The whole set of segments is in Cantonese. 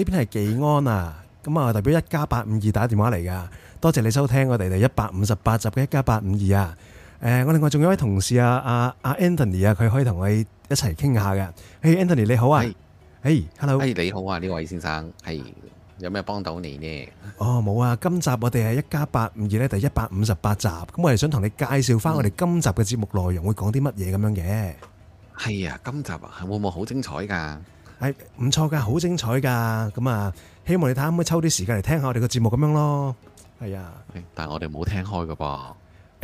呢邊係紀安啊，咁啊代表一家八五二打電話嚟噶，多謝你收聽我哋第一百五十八集嘅一家八五二啊！誒、欸，我另外仲有位同事啊，阿、啊、阿 Anthony 啊，佢可以同我哋一齊傾下嘅。誒、hey，Anthony 你好啊，hello 你好啊，呢位先生係，hey, 有咩幫到你呢？哦，冇啊，今集我哋係一家八五二呢第一百五十八集，咁我哋想同你介紹翻我哋今集嘅節目內容會，會講啲乜嘢咁樣嘅？係啊，今集係會唔會好精彩噶？係唔、哎、錯噶，好精彩噶，咁、嗯、啊，希望你睇下可唔可以抽啲時間嚟聽下我哋個節目咁樣咯。係、哎、啊，但係我哋冇聽開噶噃。誒、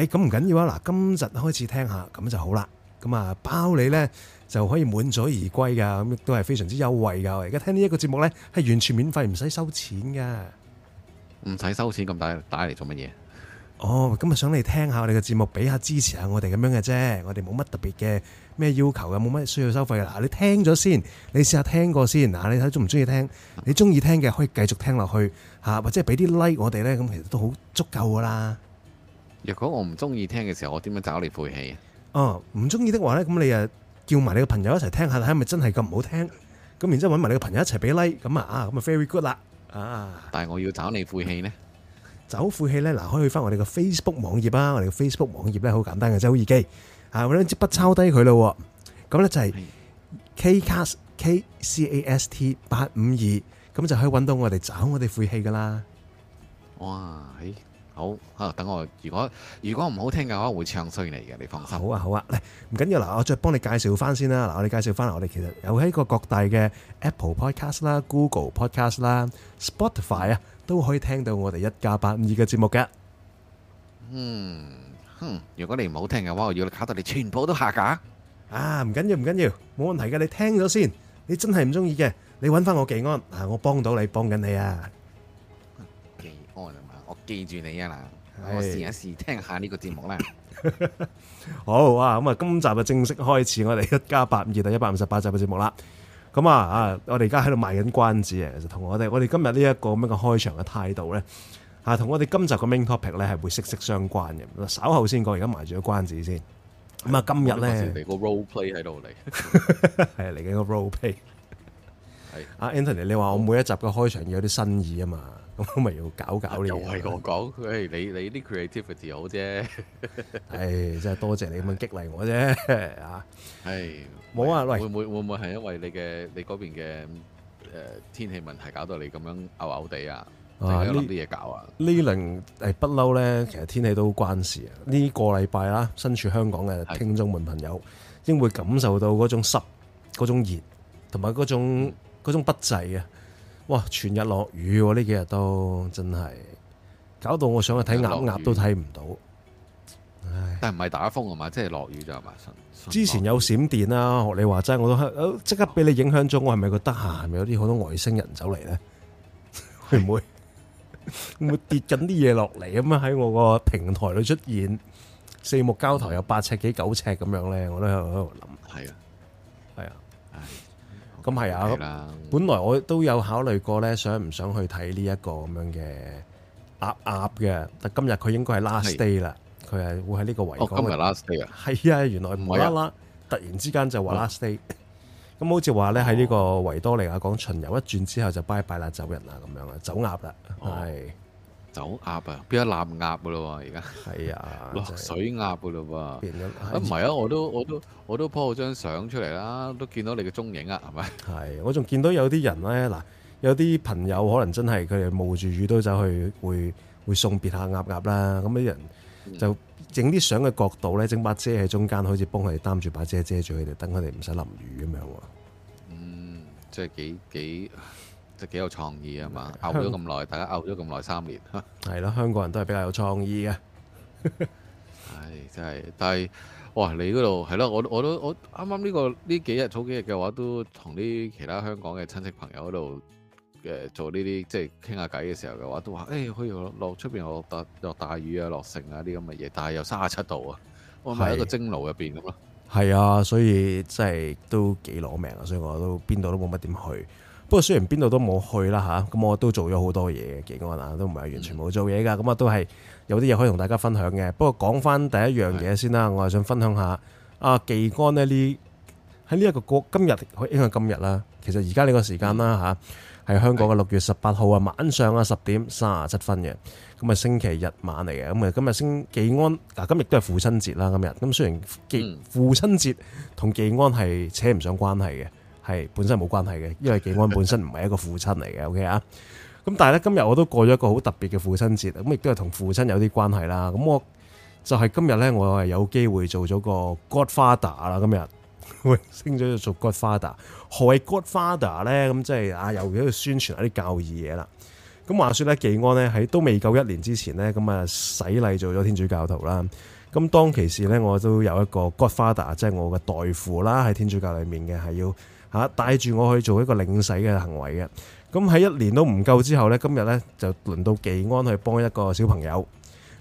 哎，咁唔緊要啊，嗱，今日開始聽下，咁就好啦。咁、嗯、啊，包你呢，就可以滿載而歸噶，咁亦都係非常之優惠噶。而家聽呢一個節目呢，係完全免費，唔使收錢噶。唔使收錢咁打打嚟做乜嘢？哦，咁、嗯、啊，想你聽下我哋嘅節目，俾下支持下我哋咁樣嘅啫，我哋冇乜特別嘅。咩要求？有冇乜需要收費嘅？嗱，你聽咗先，你試下聽過先。嗱，你睇中唔中意聽？你中意聽嘅可以繼續聽落去嚇，或者係俾啲 like 我哋呢，咁其實都好足夠噶啦。若果我唔中意聽嘅時候，我點樣找你晦氣啊？哦，唔中意的話呢，咁你誒叫埋你個朋友一齊聽下睇，係咪真係咁唔好聽？咁然之後揾埋你個朋友一齊俾 like，咁啊啊，咁啊 very good 啦啊！但係我要找你晦氣呢？找晦氣呢？嗱，可以去翻我哋嘅 Facebook 網頁啊，我哋嘅 Facebook 網頁呢，好簡單嘅，好易記。我攞支筆抄低佢咯，咁呢就係 Kcast K C A S T 八五二，咁就可以揾到我哋找我哋晦氣噶啦。哇，誒、欸，好，等我，如果如果唔好聽嘅話，會唱衰你嘅，你放心。好啊，好啊，嚟，唔緊要啦，我再幫你介紹翻先啦。嗱，我哋介紹翻，我哋其實有喺個各大嘅 Apple Podcast 啦、Google Podcast 啦、Spotify 啊，都可以聽到我哋一家八五二嘅節目嘅。嗯。哼，如果你唔好聽嘅話，我要搞到你全部都下架。啊，唔緊要，唔緊要，冇問題嘅。你聽咗先，你真係唔中意嘅，你揾翻我技安。啊，我幫到你，幫緊你啊。技安啊嘛，我記住你啊啦。我試一試聽下呢個節目啦。好哇，咁啊，今集就正式開始，我哋一家八五二到一百五十八集嘅節目啦。咁啊啊，我哋而家喺度賣緊關子啊，其實同我哋，我哋今日呢一個咁樣嘅開場嘅態度咧，啊，同我哋今集嘅 main topic 咧係會息息相關嘅。稍後先講，而家埋住個關子先。咁啊，今日咧嚟個 role play 喺度嚟，係嚟緊個 role play。係啊，Anthony，你話我每一集嘅開場要有啲新意啊嘛，咁我咪要搞搞呢？又係我講，誒，你你啲 creative 好啫。係，真係多謝你咁樣激勵我啫。啊，係冇啊，喂，會唔會會唔會係因為你嘅你嗰邊嘅誒天氣問題搞到你咁樣嘔嘔地啊？呢啲嘢搞啊！呢輪係不嬲咧，其實天氣都關事啊！呢、嗯、個禮拜啦，身處香港嘅聽眾們朋友，應該會感受到嗰種濕、嗰種熱，同埋嗰種嗰、嗯、種不濟啊！哇！全日落雨喎、啊，呢幾日都真係搞到我想去睇鴨鴨都睇唔到。唉！但唔係打風啊嘛，即係落雨咋係嘛。之前有閃電啦、啊，學你話齋我都即刻俾你影響咗。我係咪覺得閒？係咪有啲好多外星人走嚟咧？ 會唔不會？ 會跌緊啲嘢落嚟咁樣喺我個平台裏出現，四目交投有八尺幾九尺咁樣咧，我都喺度諗。係啊，係啊的，咁係啊。本來我都有考慮過咧，想唔想去睇呢一個咁樣嘅鴨鴨嘅，但今日佢應該係 last day 啦，佢係的會喺呢個維港。哦，今日 last day 啊！係啊，原來無啦啦，突然之間就話 last day。咁好似話咧，喺呢個維多利亞港巡遊一轉之後就拜拜啦，走人啦咁樣啦，走鴨啦，係、哦、是走鴨啊，變咗鴨鴨噶咯喎，而家係啊，啊落水鴨噶咯喎，變咗，了。唔係啊，啊，我都我都我都 po 張相出嚟啦，都見到你嘅蹤影啊，係咪？係，我仲見到有啲人咧，嗱，有啲朋友可能真係佢哋冒住雨都走去，會會送別下鴨鴨啦，咁啲人就。嗯整啲相嘅角度咧，整把遮喺中間，好似幫佢哋擔住把遮遮住佢哋，等佢哋唔使淋雨咁樣喎。嗯，即係幾幾，即係幾有創意啊嘛！拗咗咁耐，大家拗咗咁耐三年，係咯，香港人都係比較有創意啊。 唉，真係，但係哇，你嗰度係咯，我我都我啱啱呢個呢幾日早幾日嘅話，都同啲其他香港嘅親戚朋友嗰度。誒做呢啲即係傾下偈嘅時候嘅話，都話誒去落出邊，落大落大雨啊，落城啊啲咁嘅嘢，但係又三十七度啊，我咪是、哦就是、一個蒸爐入邊咁咯。係啊，所以真係都幾攞命啊，所以我都邊度都冇乜點去。不過雖然邊度都冇去啦吓，咁、啊、我都做咗好多嘢。技安啊，都唔係完全冇做嘢噶。咁、嗯、啊，都係有啲嘢可以同大家分享嘅。不過講翻第一樣嘢先啦，是我係想分享下啊，技安呢呢喺呢一個國今日因為今日啦，其實而家呢個時間啦吓。嗯啊係香港嘅六月十八號啊，晚上啊十點三十七分嘅，咁啊星期日晚嚟嘅。咁啊今日星忌安嗱，今日亦都係父親節啦，今日咁雖然父親節同忌安係扯唔上關係嘅，係本身冇關係嘅，因為忌安本身唔係一個父親嚟嘅 ，OK 啊，咁但係咧今日我都過咗一個好特別嘅父親節，咁亦都係同父親有啲關係啦，咁我就係、係、今日咧，我係有機會做咗個 Godfather 啦，今日。喂， 升咗做 Godfather，何為 Godfather 呢？咁即係啊，又喺度宣傳一啲教義嘢啦。咁話說呢，紀安呢喺都未夠一年之前呢，咁啊洗禮做咗天主教徒啦。咁當其時呢，我都有一個 Godfather，即係我嘅代父啦，喺天主教裏面嘅係要吓帶住我去做一個領洗嘅行為嘅。咁喺一年都唔夠之後呢，今日呢就輪到紀安去幫一個小朋友。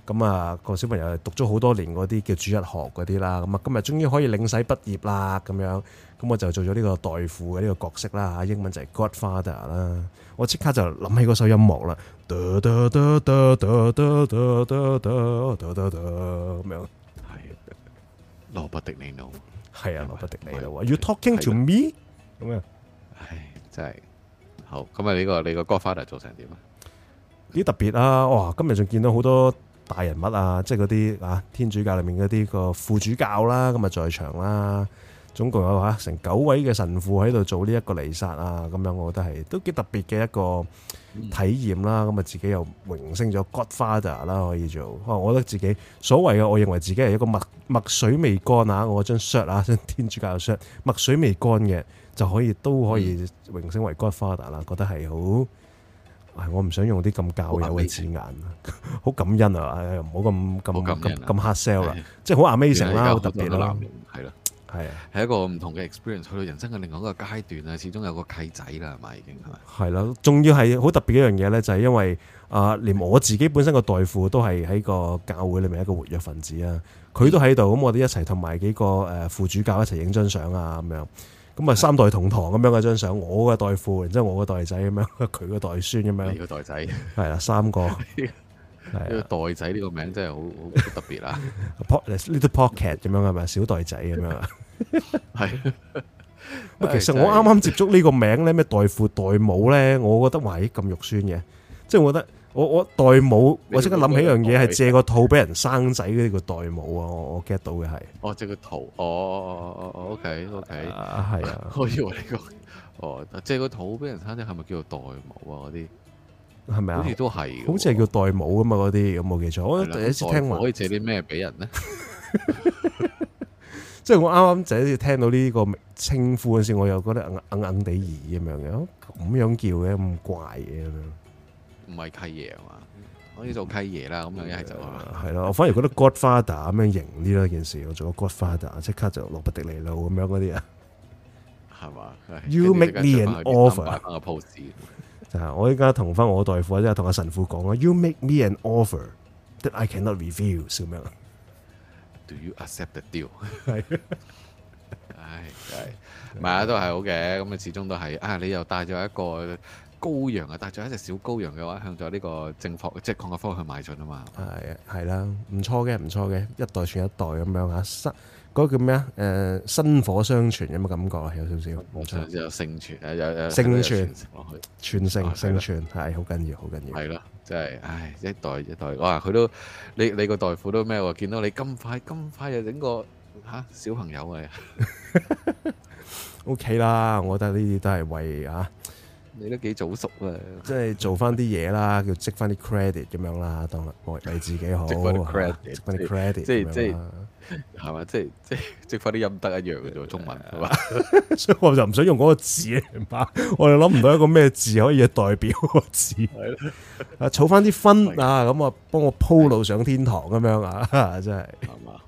咁啊，個小朋友讀咗好多年嗰啲叫主日學嗰啲啦，咁啊今日終於可以領洗畢業啦，咁樣，咁我就做咗呢個代父嘅呢個角色啦，英文就係 Godfather 啦，我即刻就諗起嗰首音樂啦，咁樣，係，羅伯迪尼係啊，羅伯迪尼 you talking to me，咁啊吧，樣唉，真係好，咁啊呢個你個 Godfather 做成點啊？幾特別啊！哇，今日仲見到好多～大人物啊，即係嗰啲啊，天主教裏面嗰啲個副主教啦，咁啊在場啦，總共有吓成九位嘅神父喺度做呢一個彌撒啊，咁樣我覺得係都幾特別嘅一個體驗啦。咁啊，自己又榮升咗 Godfather 啦，可以做。我我覺得自己所謂嘅，我認為自己係一個墨墨水未乾啊，我張 shirt 啊，張天主教嘅 shirt 墨水未乾嘅就可以都可以榮升為 Godfather 啦，覺得係好。我唔想用啲咁教友嘅字眼，好 感恩啊！唔好咁咁咁咁 hard sell 啦，即係好 amazing 啦，好特別咯，係咯，係啊，係一個唔同嘅 experience，去到人生嘅另外一個階段啊，始終有個契仔啦，係咪已經係嘛？係啦，仲要係好特別一樣嘢咧，就係、是、因為啊、呃，連我自己本身個代父都係喺個教會裏面一個活躍分子啊，佢都喺度，咁我哋一齊同埋幾個誒、呃、副主教一齊影張相啊，咁樣。咁啊三代同堂咁樣嘅張相，我個代父，然之後我個代仔咁樣，佢個代孫咁樣，你個代仔係啦，三個，係啊，代仔呢個名真係好好特別啦，Little Pocket 咁樣係咪？小代仔咁樣，係。其實我啱啱接觸呢個名咧，咩代父代母咧，我覺得哇，咁肉酸嘅，即係我覺得。我我代母，我即刻諗起一樣嘢，係借個肚俾人生仔嗰啲叫代母啊！我 get 到嘅係，哦借個肚，哦哦哦哦，OK OK，啊係啊，啊我以為呢個，哦借個肚俾人生仔係咪叫做代母啊？嗰啲係咪啊？是是好似都係，好似係叫代母啊嘛？嗰啲有冇記錯，的我第一次聽完可以借啲咩俾人咧？ 即係我啱啱第一次聽到呢，這個稱呼嗰時，我又覺得硬硬地耳咁樣嘅，咁樣叫嘅咁怪嘅咁樣。唔係契爺啊嘛，可以做契爺啦，咁樣一係就係啦。我反而覺得 Godfather 咁樣型啲啦，件事我做個 Godfather，即刻就落不迪尼路咁樣嗰啲啊，係嘛？You make me an offer。就係我依家同翻我代父，或者係同阿神父講啊 You make me an offer that I cannot review，笑咩？Do you accept the deal？係係，唔係啊，都係好嘅。咁啊，始終都係啊，你又帶咗一個。高羊啊，帶咗一隻小羔羊嘅話，向咗呢個正確，即係礦業方向邁進啊嘛。係係啦，唔錯嘅，唔錯嘅，一代傳一代咁樣啊。新嗰、嗰個叫咩啊？誒，薪火相傳有冇感覺啊？有少少，冇錯身差，有盛傳啊，有存有盛傳，傳落去，傳承盛，係好緊要，好緊要。係咯，即係唉，一代一代哇，佢都你你個代父都咩喎？見到你咁快咁快就整個吓、啊、小朋友嚟。O K 啦，我覺得呢啲都係為啊。你都幾早熟啊！即係做翻啲嘢啦，叫積翻啲 credit 咁樣啦，當為你自己好。積返啲 credit，積翻啲 credit，即係即係係嘛？即係即係積翻啲陰德一樣嘅啫，中文係嘛？所以我就唔想用嗰個字啊嘛，我哋諗唔到一個咩字可以代表個字。啊，儲翻啲分啊，咁啊，幫我鋪路上天堂咁樣啊，真係係嘛？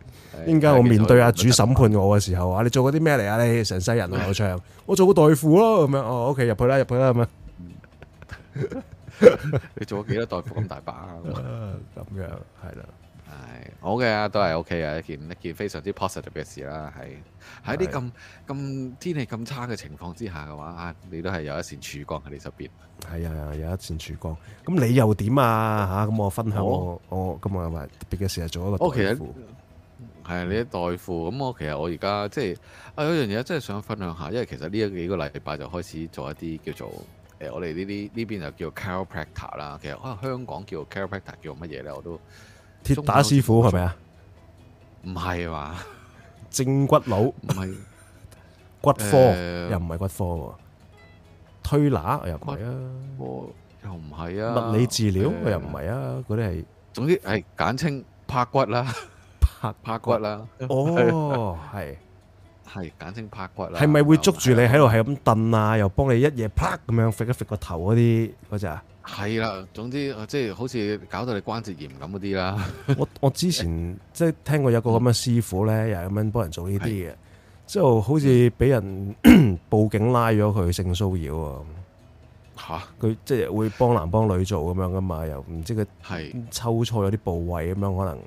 點解我面對阿主審判我嘅時候啊？你做過啲咩嚟啊？你成世人劉翔，我做過代父咯，咁樣哦，OK，入去啦，入去啦，咁樣。你做咗幾多代父？咁大把啊？咁樣係啦，係好嘅啊，都係 OK 啊，一件一件非常之 positive 嘅事啦。喺喺啲咁咁天氣咁差嘅情況之下嘅話，你都係有一綫曙光喺你身邊。係啊，有一綫曙光。咁你又點啊？吓，咁我分享我我咁啊，特別嘅事係做一個代父係你代付咁，我其實我而家即係啊，有樣嘢真係想分享下，因為其實呢一幾個禮拜就開始做一啲叫做誒，我哋呢啲呢邊就叫 chiropractor 啦。其實啊，香港叫 chiropractor 叫乜嘢咧？我都跌打師傅係咪啊？唔係話正骨佬，唔係骨科，又唔係骨科，推拿又唔係啊，又唔係啊，物理治療我又唔係啊，嗰啲係，總之係簡稱啪骨啦。啪骨啦，哦，係係簡稱啪骨啦，係咪會捉住你喺度係咁蹬啊？又幫你一夜啪咁樣揈一揈個頭嗰啲，嗰隻啊？係啦，總之即係好似搞到你關節炎咁嗰啲啦。我我之前即係聽過有個咁嘅師傅咧，又係咁樣幫人做呢啲嘢，之後好似俾人報警拉咗佢性騷擾啊！吓，佢即係會幫男幫女做咁樣噶嘛？又唔知佢係抽錯有啲部位咁樣可能。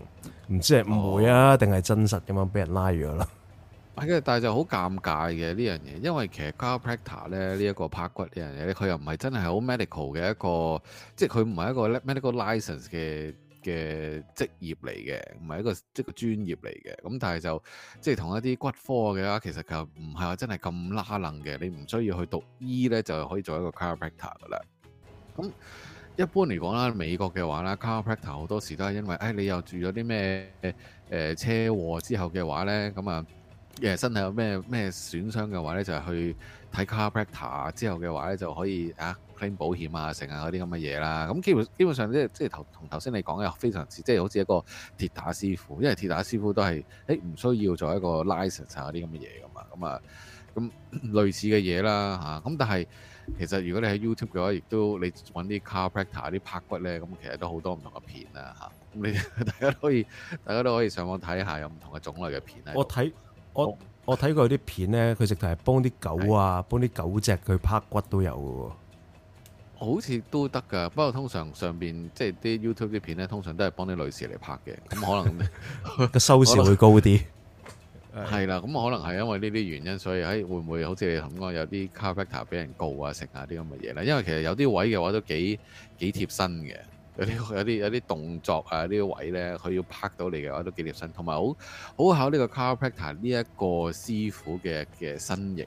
唔知係誤會啊，定係、哦、真實咁樣俾人拉咗啦？係但係就好尷尬嘅呢樣嘢，因為其實 chiropractor 咧呢一個拍骨呢樣嘢咧，佢又唔係真係好 medical 嘅一個，即係佢唔係一個 medical license 嘅嘅職業嚟嘅，唔係一個即係專業嚟嘅。咁但係就即係同一啲骨科嘅啦，其實佢唔係話真係咁拉能嘅，你唔需要去讀醫咧，就可以做一個 chiropractor 啦。咁一般嚟講啦，美國嘅話啦 chiropractor 好多時都係因為，誒、哎、你又住咗啲咩誒車禍之後嘅話咧，咁啊誒身體有咩咩損傷嘅話咧，就去睇 chiropractor 之後嘅話咧，就可以啊 claim 保險啊，剩下嗰啲咁嘅嘢啦。咁基本基本上即係即係頭同頭先你講嘅非常似，即、就、係、是、好似一個鐵打師傅，因為鐵打師傅都係誒唔需要做一個 license 嗰、啊、啲咁嘅嘢噶嘛，咁啊咁類似嘅嘢啦嚇。咁、啊、但係。其實如果你喺 YouTube 嘅話，亦都你揾啲 car practice 啲啪骨呢，咁其實都好多唔同嘅片啊。嚇。咁你大家可以，大家都可以上網睇下有唔同嘅種類嘅片呢。我睇、哦、我我睇過有啲片呢，佢直頭係幫啲狗啊，的幫啲狗隻去啪骨都有嘅喎。好似都得㗎，不過通常上邊即係、就、啲、是、YouTube 啲片呢，通常都係幫啲女士嚟拍嘅，咁可能個 收視會高啲。我也 係啦，咁可能係因為呢啲原因，所以喺會唔會好似你同我有啲 carpeter 俾人告啊、食啊啲咁嘅嘢咧？因為其實有啲位嘅話都幾幾貼身嘅、嗯，有啲有啲有啲動作啊，些置呢啲位咧佢要拍到你嘅話都幾貼身，同埋好好考呢個 carpeter 呢一個師傅嘅嘅身形，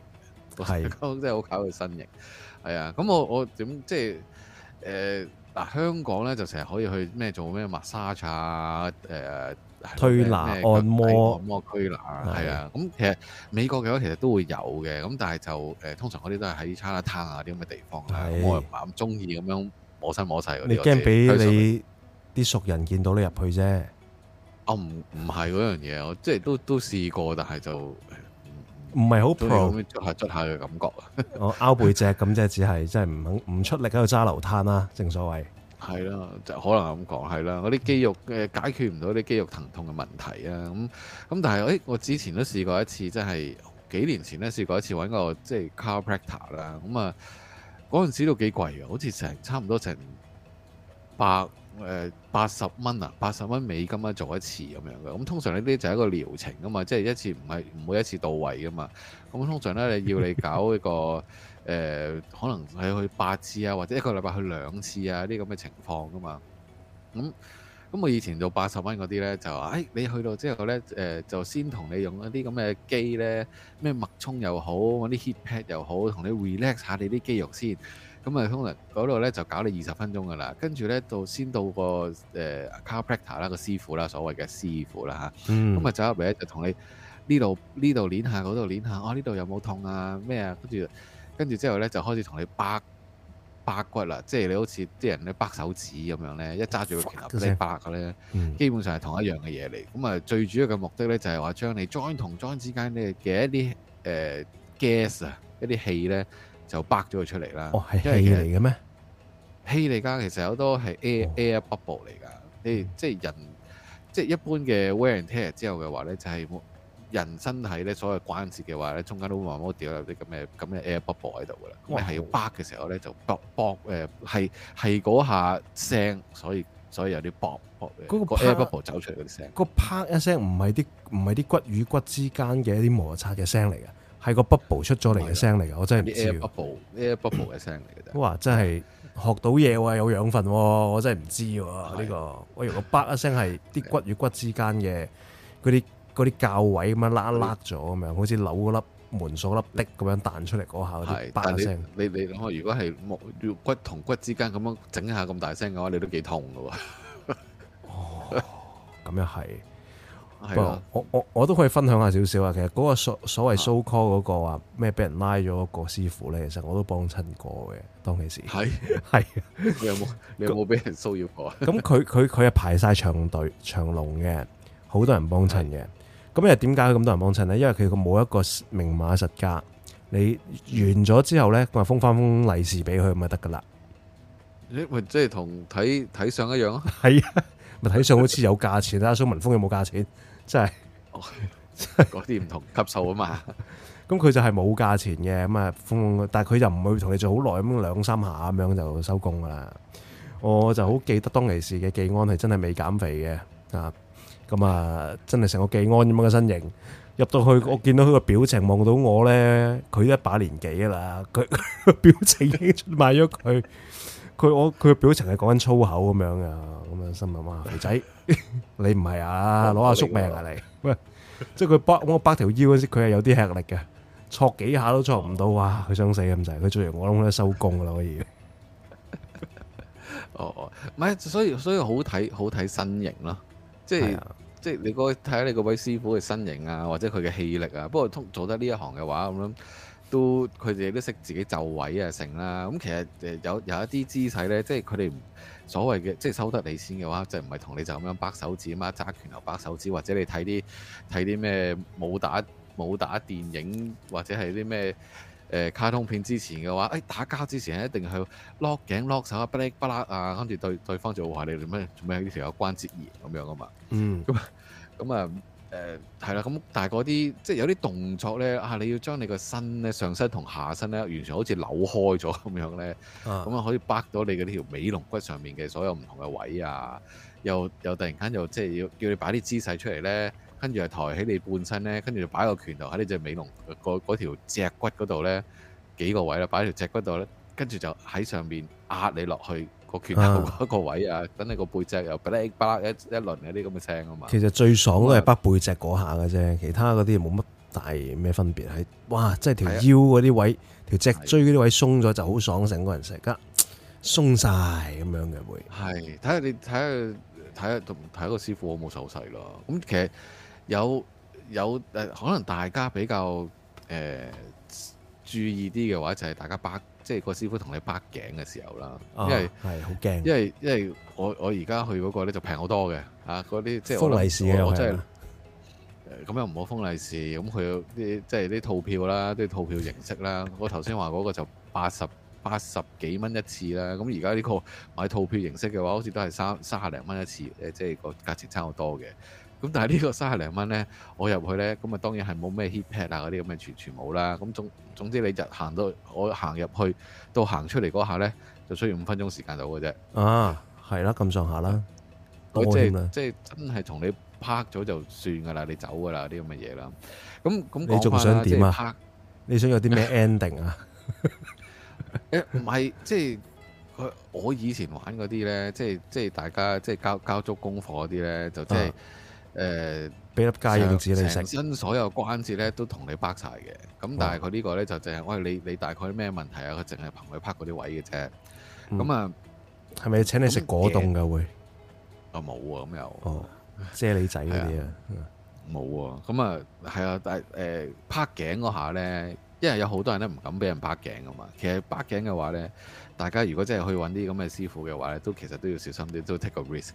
係真係好考佢身形。係啊是，咁我我點即係誒嗱香港咧就成日可以去咩做咩 massage 誒？推拿、按摩，按摩、推拿係啊，咁的其實美國嘅話其實都會有嘅，咁但係就誒通常嗰啲都係喺 Chinatown 啊啲咁嘅地方。的我又唔係咁中意咁樣摸身摸細。你驚俾你啲熟人見到你入去啫？啊唔，唔係嗰樣嘢，我即係都都試過，但係就唔係好 pro。捽下捽下嘅感覺。我 拗、哦、背脊咁啫，即係只係即係唔肯唔出力喺度揸流攤啦，正所謂。係啦，就可能咁講係啦，嗰啲肌肉誒解決唔到啲肌肉疼痛嘅問題啊，咁咁但係誒，我之前都試過一次，即係幾年前咧試過一次揾個即係 chiropractor 啦，咁啊嗰陣時都幾貴嘅，好似成差唔多成百誒八十蚊啊，八十蚊美金啊做一次咁樣嘅，咁通常呢啲就係一個療程噶嘛，即係一次唔係唔會一次到位噶嘛，咁通常咧你要你搞一個。 誒、呃、可能係去八次啊，或者一個禮拜去兩次啊，呢啲咁嘅情況噶嘛。咁咁我以前做八十蚊嗰啲咧，就話誒、哎、你去到之後咧，誒、呃、就先同你用一啲咁嘅機咧，咩脈衝又好，嗰啲 heat pad 又好，同你 relax 下你啲肌肉先。咁、嗯、啊，通常嗰度咧就搞你二十分鐘噶啦，跟住咧就先到個誒 chiropractor 啦，個師傅啦，所謂嘅師傅啦嚇。咁啊走入嚟咧就同你呢度呢度捏下，嗰度捏下，哦、啊，呢度有冇痛啊？咩啊？跟住。跟住之後咧，就開始同你掰掰骨啦，即係你好似啲人咧掰手指咁樣咧，一揸住個拳頭嚟掰嘅咧，嗯、基本上係同一樣嘅嘢嚟。咁啊，最主要嘅目的咧就係話將你 join 同 join 之間咧嘅一啲誒、呃、gas 啊，一啲氣咧就掰咗佢出嚟啦。哦，係氣嚟嘅咩？氣嚟㗎，其實好多係 air、哦、air bubble 嚟㗎。你即係人、嗯、即係一般嘅 wear and tear 之後嘅話咧，就係、是。人身體咧所謂關節嘅話咧，中間都慢慢掉有啲咁嘅咁嘅 air bubble 喺度噶啦。咁你係要啪嘅時候咧，就搏搏誒係係嗰下聲，所以所以有啲搏搏嗰個 air bubble 走出嚟嗰啲聲。個啪一聲唔係啲唔係啲骨與骨之間嘅一啲摩擦嘅聲嚟嘅，係個 bubble 出咗嚟嘅聲嚟嘅，的我真係唔知、啊。air bubble air bubble 嘅聲嚟嘅啫。哇！真係學到嘢喎，有養分喎、啊，我真係唔知喎呢、啊的呢個。我如果啪一聲係啲骨與骨之間嘅啲。的嗰啲教位咁樣拉一拉咗咁樣，好似你扭嗰粒門鎖粒的咁樣彈出嚟嗰下啲，是聲但係你你你如果係木骨同骨之間咁樣整下咁大聲嘅話，你都幾痛㗎喎。哦，咁又係。不過、啊、我我我都可以分享下少少啊。其實嗰個所所謂 so call 嗰、嗰個話咩俾人拉咗個師傅咧，其實我都幫襯過嘅。當其時係啊， 啊你有有，你有冇你有冇俾人騷擾過？咁佢佢佢係排晒長隊長龍嘅，好多人幫襯嘅。咁又點解咁多人幫襯咧？因為佢個冇一個明碼實價，你完咗之後咧，佢話封翻封利是俾佢，咪得噶啦。你咪即係同睇睇相一樣咯。係啊，咪睇相好似有價錢啦。蘇文峯有冇價錢？真係，哦，嗰啲唔同級數啊嘛。咁佢就係冇價錢嘅，咁啊封，但係佢就唔會同你做好耐咁，兩三下咁樣就收工噶啦。我就好記得當其時嘅技安係真係未減肥嘅啊。咁啊，真係成個寄安咁樣嘅身形入到去，我見到佢個表情，望到我咧，佢一把年紀啦，佢表情已經出賣咗佢。佢我佢個表情係講緊粗口咁樣啊，咁樣心諗啊肥仔， 你唔係啊，攞我下宿命啊，啊你，喂， 即係佢彎我彎條腰時，佢係有啲吃力嘅，戳幾下都戳唔到，哇，佢想死咁滯，佢做完我諗咧收工啦可以。 哦，唔係，所以所以好睇好睇身形咯，即係。即係你嗰個睇下你嗰位師傅嘅身形啊，或者佢嘅氣力啊。不過通做得呢一行嘅話，咁樣都佢哋都識自己就位啊，成啦。咁其實誒有有一啲姿勢咧，即係佢哋所謂嘅即係收得你錢嘅話，就唔係同你就咁樣掰手指嘛，揸拳頭掰手指，或者你睇啲睇啲咩武打武打電影，或者係啲咩。誒卡通片之前嘅話，誒、哎、打架之前一定係要鎖頸鎖手啊，不拉不拉啊，跟住對對方就話你做咩做咩呢條有關節炎咁樣噶嘛？嗯，咁咁啊誒係啦，咁、呃、但係嗰啲即係有啲動作咧啊，你要將你個身咧上身同下身咧完全好似扭開咗咁樣咧，咁啊、嗯、可以掰到你嘅呢條尾龍骨上面嘅所有唔同嘅位啊，又又突然間又即係要叫你擺啲姿勢出嚟咧。跟住係抬起你半身咧，跟住就擺個拳頭喺你隻尾龍個嗰條脊骨嗰度咧幾個位啦，擺喺條脊骨度咧，跟住就喺上面壓你落去個拳頭嗰個位啊，等你個背脊又啪一一輪嗰啲咁嘅聲啊嘛。其實最爽都係北背脊嗰下嘅啫，啊、其他嗰啲冇乜大咩分別，係哇，即係條腰嗰啲位、是的 條脊椎嗰啲位鬆咗就好爽，成個人成家鬆晒咁樣嘅會。係睇下你睇下睇下同睇個師傅有冇手勢咯，咁其實。有有誒，可能大家比較誒、呃、注意啲嘅話，就係大家啪即係個師傅同你啪頸嘅時候啦，因為係好驚，因為因為我現在、啊、我而家去嗰個咧就平好多嘅嚇，嗰啲即係封利是的我，我真係咁又唔好封利、嗯、是，咁佢有啲即係啲套票啦，即啲套票形式啦， 我頭先話嗰個就八十八十幾蚊一次啦，咁而家呢個買套票形式嘅話，好似都係三三十零蚊一次誒，即係個價錢差好多嘅。咁但係呢個三十零蚊咧，我入去咧，咁啊當然係冇咩 heat pad 啊嗰啲咁嘅全全冇啦。咁總總之你就行到我行入去到行出嚟嗰下咧，就需要五分鐘時間到嘅啫。啊，係啦，咁上下啦。即即係真係同你拍咗就算噶啦，你走噶啦啲咁嘅嘢啦。咁咁你仲想點啊拍？你想有啲咩 ending 啊？誒唔係即係我我以前玩嗰啲咧，即係即係大家即係、就係、交交足功課嗰啲咧，就即、就、係、係。啊誒，俾、呃、粒雞肉子你食，成身所有關節咧都同你拍晒嘅。咁但係佢呢個咧就淨、就、係、是係，喂你你大概咩問題啊？佢淨係憑佢拍嗰啲位嘅啫。咁、嗯、啊，係咪請你食果凍噶、嗯、會？啊冇啊，咁、啊、又哦，啫喱仔嗰啲啊，冇啊。咁啊，係啊，但係誒拍頸嗰下咧，因為有好多人咧唔敢俾人拍頸噶嘛。其實拍頸嘅話咧，大家如果真係去揾啲咁嘅師傅嘅話咧，都其實都要小心啲，都 take 個 risk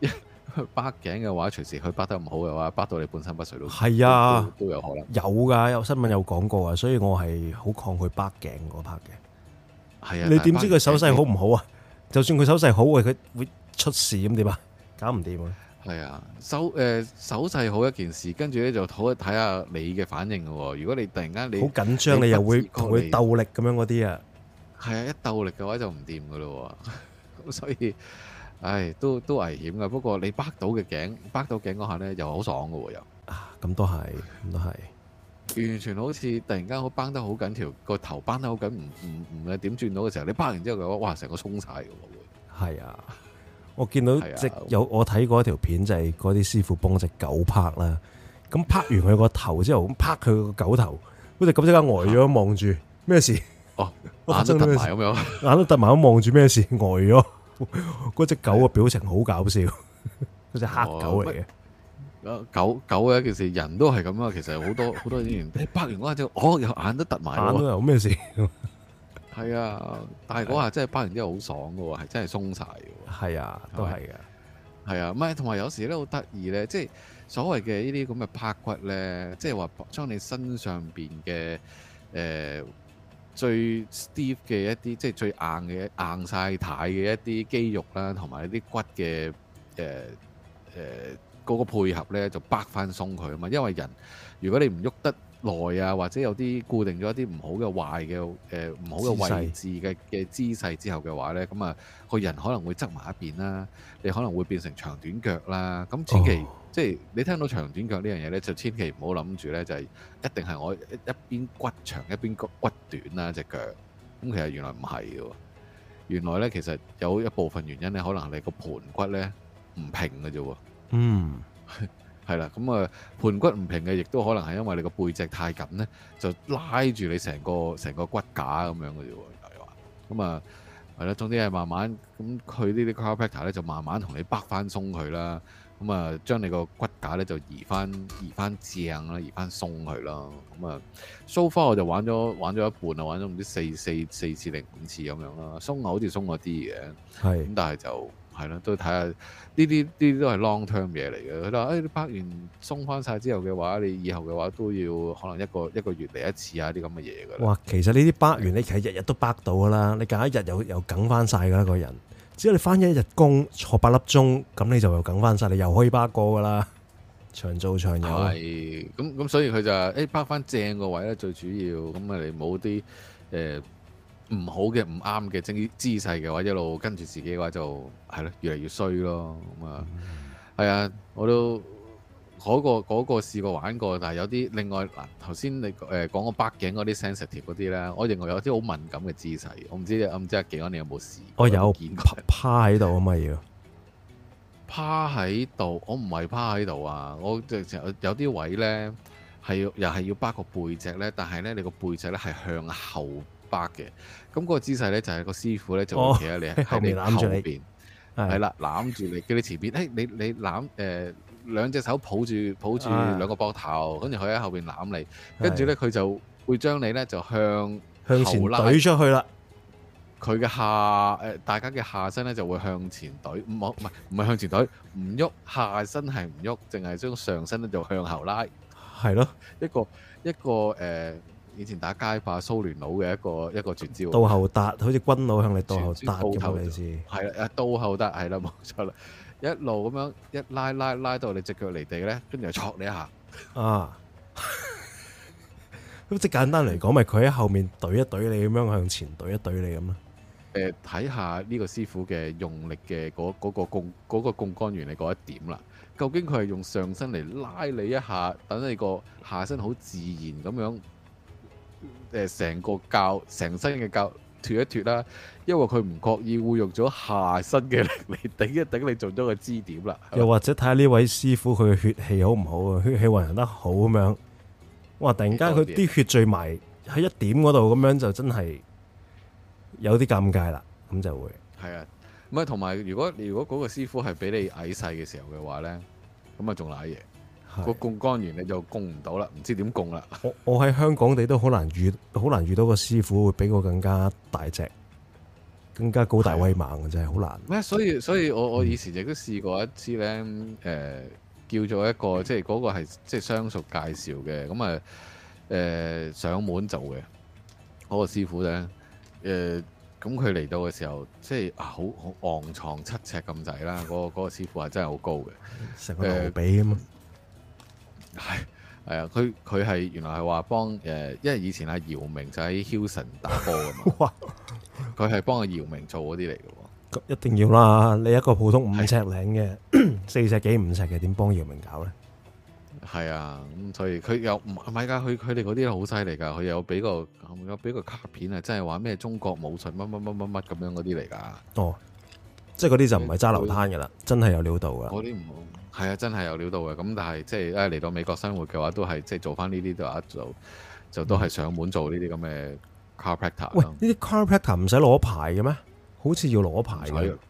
噶。 佢啪頸嘅話，隨時佢啪得唔好嘅話，啪到你半身不遂都係啊，都有可能有噶，有新聞有講過啊。所以我係好抗拒啪頸嗰 part 嘅。係啊，你點知佢手勢好唔好啊？就算佢手勢好，佢會出事咁點啊？搞唔掂啊？係啊，手誒手勢好一件事，跟住咧就好去睇下你嘅反應嘅喎。如果你突然間你好緊張，你又會同佢鬥力咁樣嗰啲啊？係啊，一鬥力嘅話就唔掂嘅咯喎。咁所以。唉，都都危險噶，不過你啪到嘅頸，啪到頸嗰下咧，又好爽噶喎又。啊，咁都係，咁都係，完全好似突然間好繃得好緊，條個頭繃得好緊，唔唔唔，點轉到嘅時候，你啪完之後佢話，哇，成個沖晒噶喎。係啊，我見到即、啊、有我睇過一條片，就係嗰啲師傅幫隻狗啪啦。咁啪完佢個頭之後，咁啪佢個狗頭，好似咁即刻呆咗望住，咩事？哦，眼都突埋咁樣，眼都突埋咁望住咩事？呆咗。嗰隻 狗嘅表情好搞笑，嗰隻、啊、 黑狗嚟嘅、哦。狗狗嘅一件事，人都係咁啊。其實好多好多演員，你啪完嗰下就，哦，又眼都凸埋，眼又冇咩事。係啊，但係嗰下真係啪完之後好爽㗎，係真係鬆晒嘅。係啊，都係嘅，係啊，咪同埋有時咧好得意咧，即係所謂嘅呢啲咁嘅啪骨咧，即係話將你身上邊嘅誒。呃最 stiff 嘅一啲，即係最硬嘅硬晒太嘅一啲肌肉啦，同埋一啲骨嘅誒誒個配合咧，就掰返鬆佢啊嘛！因為人如果你唔喐得耐啊，或者有啲固定咗一啲唔好嘅壞嘅誒唔好嘅位置嘅嘅姿勢之後嘅話咧，咁啊個人可能會側埋一邊啦，你可能會變成長短腳啦，咁千祈。Oh. 即係你聽到長短腳呢樣嘢咧，就千祈唔好諗住咧，就係一定係我一邊骨長一邊骨骨短啦隻腳。咁其實原來唔係嘅喎，原來咧其實有一部分原因咧，可能係你個盤骨咧唔平嘅啫喎。嗯，係啦，咁啊盤骨唔平嘅，亦都可能係因為你個背脊太緊咧，就拉住你成個成個骨架咁樣嘅啫喎。咁啊係啦，總之係慢慢咁，佢呢啲 chiropractor 咧就慢慢同你北翻鬆佢啦。咁啊，將你個骨架咧就移翻移翻正啦，移翻鬆佢啦。咁啊，so far 我就玩咗玩咗一半啊，玩咗唔知四四四次定五次咁樣啦。鬆啊，好似鬆咗啲嘅，咁是但係就係啦，都睇下呢啲呢啲都係 long term 嘢嚟嘅。佢話誒，你啪完鬆翻晒之後嘅話，你以後嘅話都要可能一個一個月嚟一次啊，啲咁嘅嘢㗎啦。哇，其實呢啲啪完的你其實日日都啪到㗎啦，你隔一日又又梗翻曬㗎啦，個人，只要你翻一日工，坐八粒鐘，咁你就又梗翻晒，你又可以啪個㗎啦。長做長有。係，咁咁所以佢就誒啪翻正個位咧，最主要，咁啊你冇啲誒唔好嘅、唔啱嘅姿姿勢嘅話，一路跟住自己嘅話就係咯，越嚟越衰咯。咁啊，係啊、嗯，我都。嗰、那個嗰、那個試過玩過，但係有啲另外嗱，頭先你誒講個背頸嗰啲 sensitive 嗰啲咧，我認為有啲好敏感嘅姿勢，我唔知唔知，我知阿幾安，你有冇試過？我有，有有見過趴喺度啊嘛，要趴喺度，我唔係趴喺度啊，我直情有啲位咧係要，又係要趴個背脊咧，但係咧你個背脊咧係向後趴嘅，咁、那、嗰個姿勢咧就係、是、個師傅咧就企喺你喺、哦、你後邊，係啦攬住你，叫你前邊，誒、哎、你你攬誒。呃兩隻手抱住抱住兩個膊頭，跟住佢喺後邊攬你，跟住咧佢就會將你咧就向後拉向前懟出去啦。佢嘅下大家嘅下身咧就會向前懟，唔好唔係唔係向前懟，唔喐下身係唔喐，淨係將上身咧就向後拉。係咯的，一個一個誒，以前打街霸蘇聯佬嘅一個一個絕招，倒後達，好似軍佬向你倒後達咁啦，啊倒後達係啦，冇錯啦。一路咁樣一拉拉拉，拉到你隻腳離地呢，跟住又戳你一下。啊，咁 即係簡單嚟講，咪佢喺後面懟一懟你，咁樣向前懟一懟你咁啊？睇下呢個師傅嘅用力嘅嗰嗰個槓，嗰個嗰個槓桿原理嗰一點啦，究竟佢係用上身嚟拉你一下，等你個下身好自然咁樣，成個教成身嘅教。脫一脫啦，因為佢唔覺意會用咗下身嘅力嚟頂一頂你做一，做咗個支點啦。又或者睇下呢位師傅佢嘅血氣好唔好啊？血氣運行得好咁樣，哇！突然間佢啲血聚埋喺一點嗰度，咁樣就真係有啲尷尬啦。咁就會係啊，唔係同埋，如果如果嗰個師傅係比你矮細嘅時候嘅話咧，咁啊仲瀨嘢。個槓桿完你就槓唔到啦，唔知點槓啦。我我喺香港地都好難遇，好難遇到個師傅會比我更加大隻、更加高大威猛嘅，真係好難。咩？所以所以我我以前亦都試過一次咧，誒、呃，叫做一個即係嗰個係即係相熟介紹嘅，咁啊，誒，上門做嘅嗰、那個師傅咧，誒、呃，咁佢嚟到嘅時候，即係啊，好好昂藏七尺咁滯啦，嗰、那個嗰、那個師傅係真係好高嘅，成個比。咁係啊，佢佢係原來係話幫誒，因為以前阿姚明就喺 Houston 打波噶嘛，佢係幫阿姚明做嗰啲嚟嘅。咁一定要啦，你一個普通五尺零嘅四尺幾五尺嘅，點幫姚明搞咧？係啊，咁所以佢又唔唔係噶，佢佢哋嗰啲好犀利噶，佢有俾個有俾個卡片啊，即係話咩中國武術乜乜乜乜乜咁樣嗰啲嚟噶。哦，即係嗰啲就唔係揸流攤噶啦，對真係有料到噶。嗰啲唔好。係啊，真係有料到嘅。咁但係即係咧，嚟到美國生活嘅話，都係即係做翻呢啲就做，就都係上門做呢啲咁嘅 chiropractor。喂，呢啲 chiropractor 唔使攞牌嘅咩？好似要攞牌。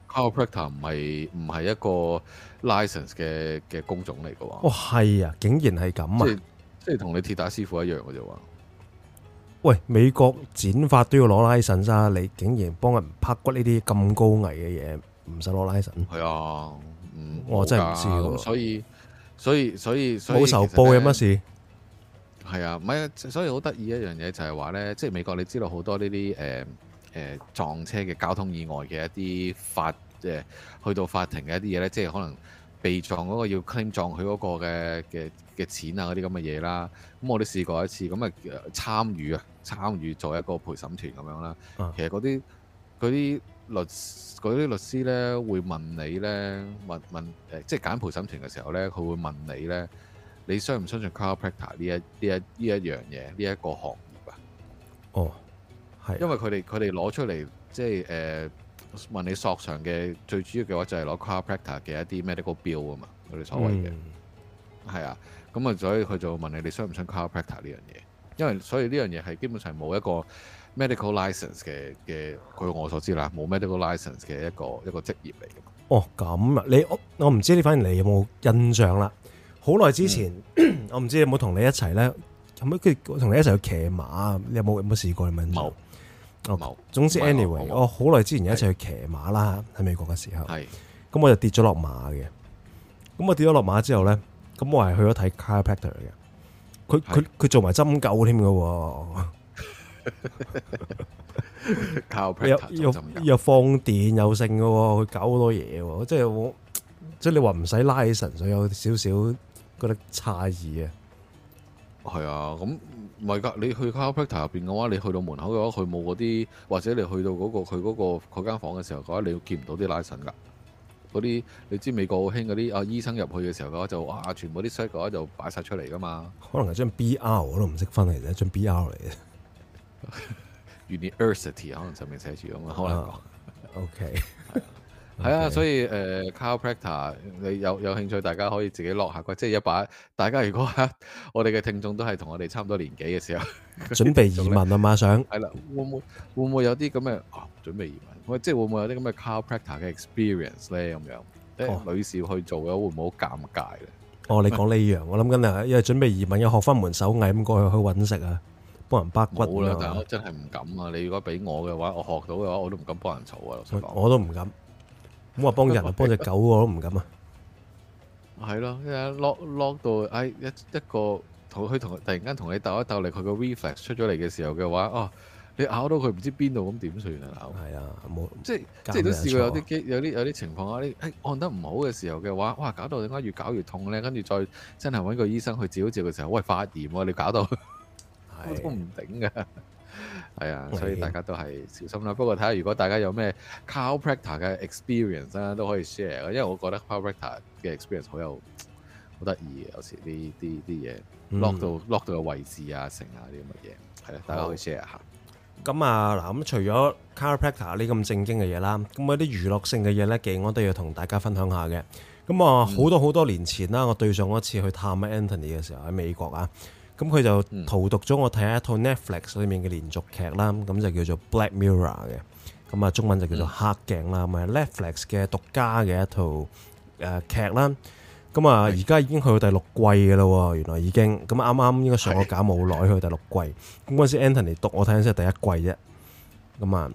chiropractor 唔係唔係一個 license 嘅嘅工種嚟嘅喎。哇、哦，係啊，竟然係咁啊！即係同你鐵打師傅一樣嘅啫喎。喂，美國剪髮都要攞 license 啊！你竟然幫人拍骨呢啲咁高危嘅嘢，唔使攞 license？係啊。我真係唔知，啊嗯，所以所以所以所以冇仇報有乜事。係啊，唔係，所以好得意一樣嘢就係話咧，即係美國你知道好多呢啲誒誒撞車嘅交通意外嘅一啲法誒去到法庭嘅一啲嘢咧，即係可能被撞嗰，嗰個要 claim 撞佢嗰個嘅嘅嘅錢啊嗰啲咁嘅嘢啦。咁我都試過一次，咁啊參與啊參與做一個陪審團咁樣啦。嗯、其實啲嗰啲。律嗰啲律師咧會問你咧，問問誒，即係揀陪審團嘅時候咧，佢會問你咧，你相唔相信 chiropractor 呢一呢一呢一樣嘢，呢、這、一個行業啊？哦，係、啊，因為佢哋佢哋攞出嚟即係誒、呃、問你索償嘅最主要嘅話就係攞 chiropractor 嘅一啲 medical bill 啊嘛，佢哋所謂嘅係、嗯、啊，咁啊，所以佢就問你，你信唔想 chiropractor 呢樣嘢？因為所以呢樣嘢係基本上冇一個。medical license 嘅嘅，據我所知啦，冇 medical license 嘅一個一個職業嚟嘅。哦，咁啊，你我唔知你反而你有冇印象啦？好耐之前，嗯、我唔知有冇同你一齊咧，咁啊同你一齊去騎馬，你有冇有冇試過？冇，冇。總之 anyway，我好耐之前一齊去騎馬啦，喺是美國嘅時候。係是。咁我就跌咗落馬嘅。咁我跌咗落馬之後咧，咁我係去咗睇 chiropractor 嘅。佢佢佢做埋針灸添㗎喎。又又又放電又盛噶，佢搞好多嘢喎！即係我即係你話唔使拉神，所以有少少覺得差異啊。係啊，咁唔係噶，你去 c a r p 入邊嘅話，你去到門口嘅話，佢冇嗰啲，或者你去到嗰個佢嗰個佢間房嘅時候，嗰啲你見唔到啲拉神噶。嗰啲你知美國好興嗰啲啊，醫生入去嘅時候嘅話就哇，全部啲 check 就擺晒出嚟噶嘛。可能係張 B R 我都唔識分嚟啫，張 B R 嚟嘅。University 可能上面寫住咁啊，哦、可能、哦。OK，係啊 的，okay, 所以誒 chiropractor 你有有興趣，大家可以自己落下個，即、就、係、是、一把。大家如果 我哋嘅聽眾，都係同我哋差唔多年紀嘅時候，準備移民啊嘛，上。係啦，會會唔會，會有啲咁嘅啊？準備移民，即係會唔會有啲咁嘅 chiropractor、er、嘅 experience 咧？咁樣，啲、哦、女士去做嘅會唔會好尷尬咧？哦，你講呢樣， 我諗緊啊，因為準備移民要學翻門手藝咁過去去搵食啊。幫人啪骨啦，但我真係唔敢啊！你如果俾我嘅話，我學到嘅話，我都唔敢幫人嘈啊！我都唔敢。咁話幫人啊，幫隻 狗我都唔敢啊！係咯， 一 lock lock 到，哎一一個同佢同突然間同你鬥一鬥嚟，佢個 reflex 出咗嚟嘅時候嘅話，哦、啊，你咬到佢唔知邊度咁點算啊？係啊，冇，即係即係都試過有啲有啲有啲情況啊，啲、哎、按得唔好嘅時候嘅話，哇搞到點解越搞越痛咧？跟住再真係揾個醫生去照一照嘅時候，喂，發炎、啊，你搞到。是都唔頂嘅，係啊，所以大家都係小心啦。的不過睇下如果大家有咩 chiropractor 嘅 experience 啊，都可以 share 咯。因為我覺得 chiropractor 嘅 experience 好有好得意嘅，有時啲啲啲嘢 lock 到 lock 到嘅位置啊、剩下啲咁嘅嘢，係啊，的大家可以 share 下。咁啊嗱，咁除咗 chiropractor 呢咁正經嘅嘢啦，咁嗰啲娛樂性嘅嘢咧，嘅我都要同大家分享下嘅。咁啊，好多好、嗯、多年前啦，我對上一次去探 Anthony 嘅時候喺美國啊。咁佢就淘讀咗我睇一套 Netflix 裏面嘅連續劇啦，咁就叫做《Black Mirror》嘅，咁啊中文就叫做黑鏡啦，係 Netflix 嘅獨家嘅一套誒劇啦。咁啊，而家已經去到第六季噶啦，原來已經咁啱啱應該上咗假冇耐去到第六季。咁嗰時 Anthony 讀我睇先係第一季啫。咁啊，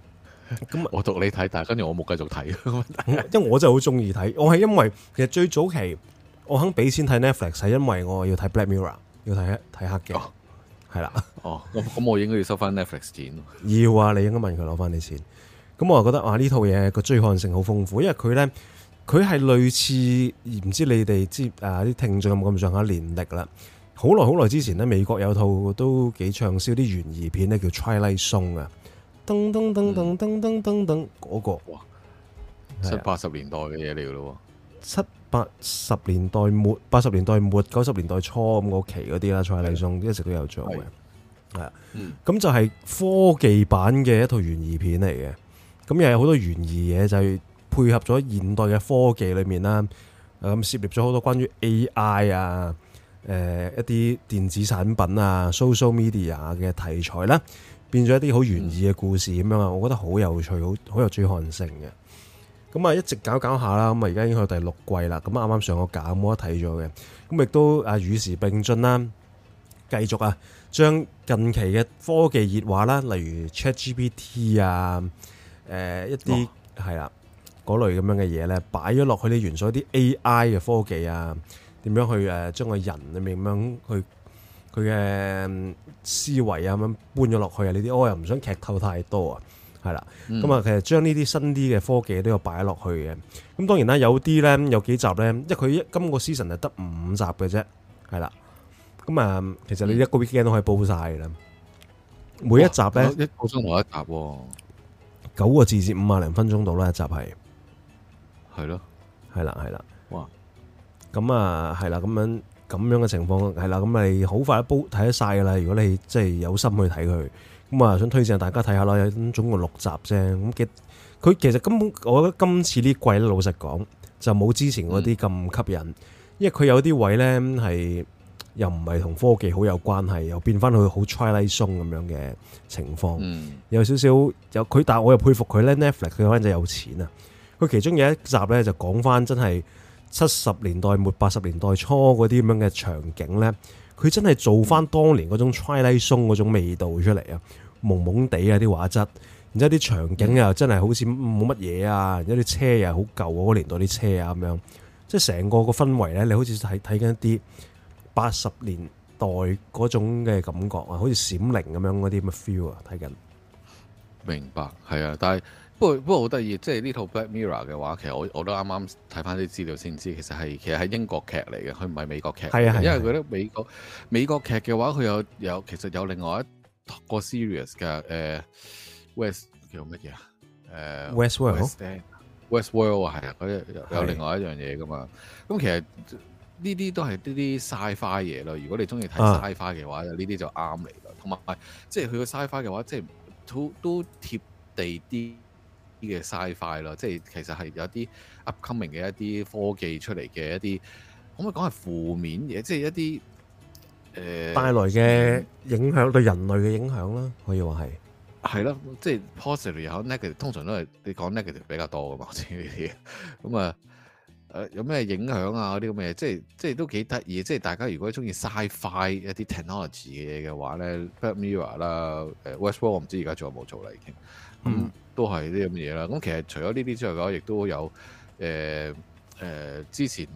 咁我讀你睇，但係跟住我冇繼續睇，因為我真係好中意睇。我係因為其實最早期我肯俾錢睇 Netflix，係因為我要睇《Black Mirror》。要睇一睇黑鏡。係啦。哦，咁咁我應該要收翻 Netflix 錢咯。要啊，你應該問佢攞翻啲錢。咁我覺得哇，呢套嘢個追看性好豐富，因為佢咧，佢係類似唔知你哋知啊啲聽眾有冇咁上下年歷啦？好耐好耐之前咧，美國有套都幾暢銷啲懸疑片咧，叫《Twilight Zone》啊。噔噔噔噔噔噔噔噔，嗰個哇，七八十年代嘅嘢嚟噶咯喎。七。八十年代末，八十年代末，九十年代初咁嗰期嗰啲啦，蔡麗松一直都有做嘅，係啊，咁、嗯、就係科技版嘅一套懸疑片嚟嘅，咁又有好多懸疑嘢，就係、是、配合咗現代嘅科技裏面啦，咁、嗯、涉獵咗好多關於 AI 啊，誒、呃、一啲電子產品啊，social media 嘅題材啦，變咗一啲好懸疑嘅故事咁樣啊，嗯、我覺得好有趣，好好有追看性嘅。咁啊，一直搞搞下啦，咁啊，而家已經去到第六季啦，咁啱啱上個假，冇得睇咗嘅，咁亦都啊，與時並進啦，繼續啊，將近期嘅科技熱話啦，例如 ChatGPT 啊，誒，一啲係啦，嗰類咁樣嘅嘢咧，擺咗落去啲元素，一啲 AI 嘅科技啊，點樣去誒，將個人裏面咁樣去佢嘅思維啊，咁樣搬咗落去啊，呢啲我又唔想劇透太多啊。係啦，咁啊，嗯嗯、其實將呢啲新啲嘅科技都有擺落去嘅。咁當然啦，有啲咧有幾集咧，因為佢一今個 season 係得五集嘅啫，係啦。咁啊，其實你一個 weekend 都可以煲晒噶啦。嗯、每一集咧，一個鐘頭一集、啊，九個字至五啊零分鐘到啦一集係，係咯了，係啦，係啦，哇！咁啊，係啦，咁樣咁樣嘅情況係啦，咁你好快煲睇得晒噶啦。如果你即係有心去睇佢。咁啊，想推薦大家睇下啦，有總共六集啫。咁嘅佢其實根本，我覺得今次呢季咧，老實講就冇之前嗰啲咁吸引，因為佢有啲位咧係又唔係同科技好有關係，又變翻去好 Twilight Zone 咁樣嘅情況。有少少有佢，但係我又佩服佢咧。Netflix 佢可能就有錢啊！佢其中有一集咧就講翻真係七十年代末八十年代初嗰啲咁樣嘅場景咧。佢真係做翻當年嗰種 Twilight Zone 嗰種味道出嚟啊，朦朦地啊啲畫質茫茫，然之後啲場景又真係好似冇乜嘢啊，然之後啲車又好舊嗰年代啲車啊咁樣，即係成個個氛圍呢，你好似睇睇緊一啲八十年代嗰種嘅感覺啊，好似閃靈咁樣嗰啲乜 feel 啊，睇緊。明白，係啊，但係。不過不過好得意，即係呢套《Black Mirror》嘅話，其實我我都啱啱睇翻啲資料先知，其實係其實係英國劇嚟嘅，佢唔係美國劇。係啊的因為佢咧美國的美國劇嘅話，佢有有其實有另外一個 series 嘅誒、呃、West 叫乜嘢啊？誒、呃、Westworld Westworld 啊係啊，佢有，的的有另外一樣嘢噶嘛。咁其實呢啲都係啲啲科幻嘢咯。如果你中意睇科幻嘅話，呢啲、uh. 就啱嚟啦。同埋即係佢個科幻嘅話，即係都都貼地啲。啲嘅 sci-fi 咯，即係其實係有啲 upcoming 嘅一啲科技出嚟嘅一啲，可唔可以講係負面嘢？即係一啲誒帶來嘅影響、嗯、對人類嘅影響啦，可以話係係咯，即係 positive 有 negative，通常都係你講 negative 比較多噶嘛。好似呢啲咁啊，誒、呃、有咩影響啊？嗰啲咁嘅嘢，即係即係都幾得意。即係大家如果中意 sci-fi 一啲 technology 嘅嘢嘅話咧 Black Mirror 啦、呃，誒 Westworld，我唔知而家仲有做冇做啦已經咁。嗯嗯都係呢啲咁嘅嘢啦，咁其實除咗呢啲之外嘅話，亦都有誒誒、呃呃、之前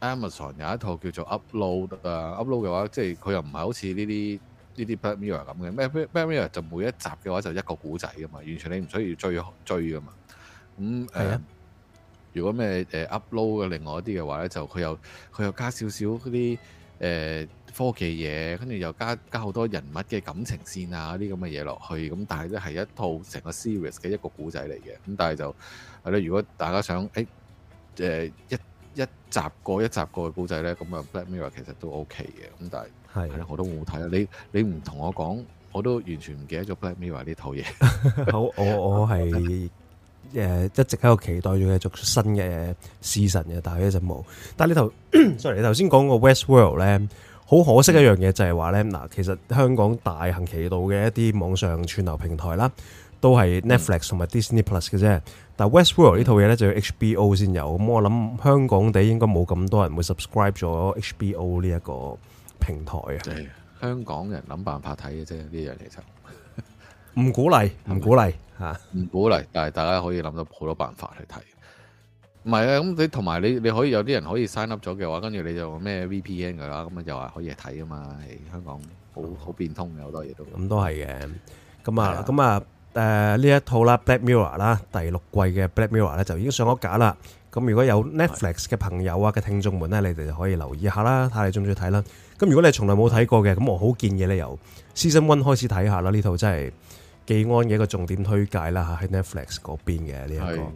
Amazon 有一套叫做 Upload 啊 Upload、uh，嘅話，即係佢又唔係好似呢啲呢啲 Black Mirror 咁嘅 Black Black Mirror 就每一集嘅話就一個古仔噶嘛。完全你唔需要追追噶嘛。咁誒的、呃，如果咩誒、呃、Upload 嘅另外一啲嘅話咧，就佢又佢又加少少嗰啲誒。呃科技嘢，跟住又加加好多人物嘅感情線啊，啲咁嘅嘢落去，咁但係都係一套成個 series 嘅一個故仔嚟嘅。咁但係就係咧，如果大家想誒誒、欸、一一集過一集過嘅故仔咧，咁啊，《Black Mirror》其實都 OK 嘅。咁但係係咧，我都冇睇啊。你你唔同我講，我都完全唔記得咗《Black Mirror》呢套嘢。好，我我係誒一直喺度期待住繼續新嘅 season 嘅，但係一直冇。但係 你頭 sorry，你頭先講個《Westworld》咧。好可惜一樣嘢就係話咧，嗱，其實香港大行其道嘅一啲網上串流平台啦，都係 Netflix 同埋 Disney Plus 嘅啫。但 Westworld 呢套嘢咧就要 HBO 先有，咁我諗香港地應該冇咁多人會 subscribe 咗 HBO 呢一個平台啊。香港人諗辦法睇嘅啫，呢樣嘢就唔鼓勵，唔鼓勵嚇，唔 鼓勵，但係大家可以諗到好多辦法去睇。唔係啊，咁你同埋你你可以有啲人可以 sign up 咗嘅話，跟住你就咩 VPN 㗎啦，咁啊又話可以睇㗎嘛，係香港好好變通嘅好多嘢都，咁都係嘅。咁啊，咁的啊，誒呢一套啦《Black Mirror》啦，第六季嘅《Black Mirror》咧就已經上咗架啦。咁如果有 Netflix 嘅朋友啊嘅的聽眾們呢，你哋就可以留意下啦，睇下你中唔中意睇啦。咁如果你從來冇睇過嘅，咁我好建議你由 Season 1開始睇下啦。呢套真係幾安嘅一個重點推介啦，嚇喺 Netflix 嗰邊嘅呢一個。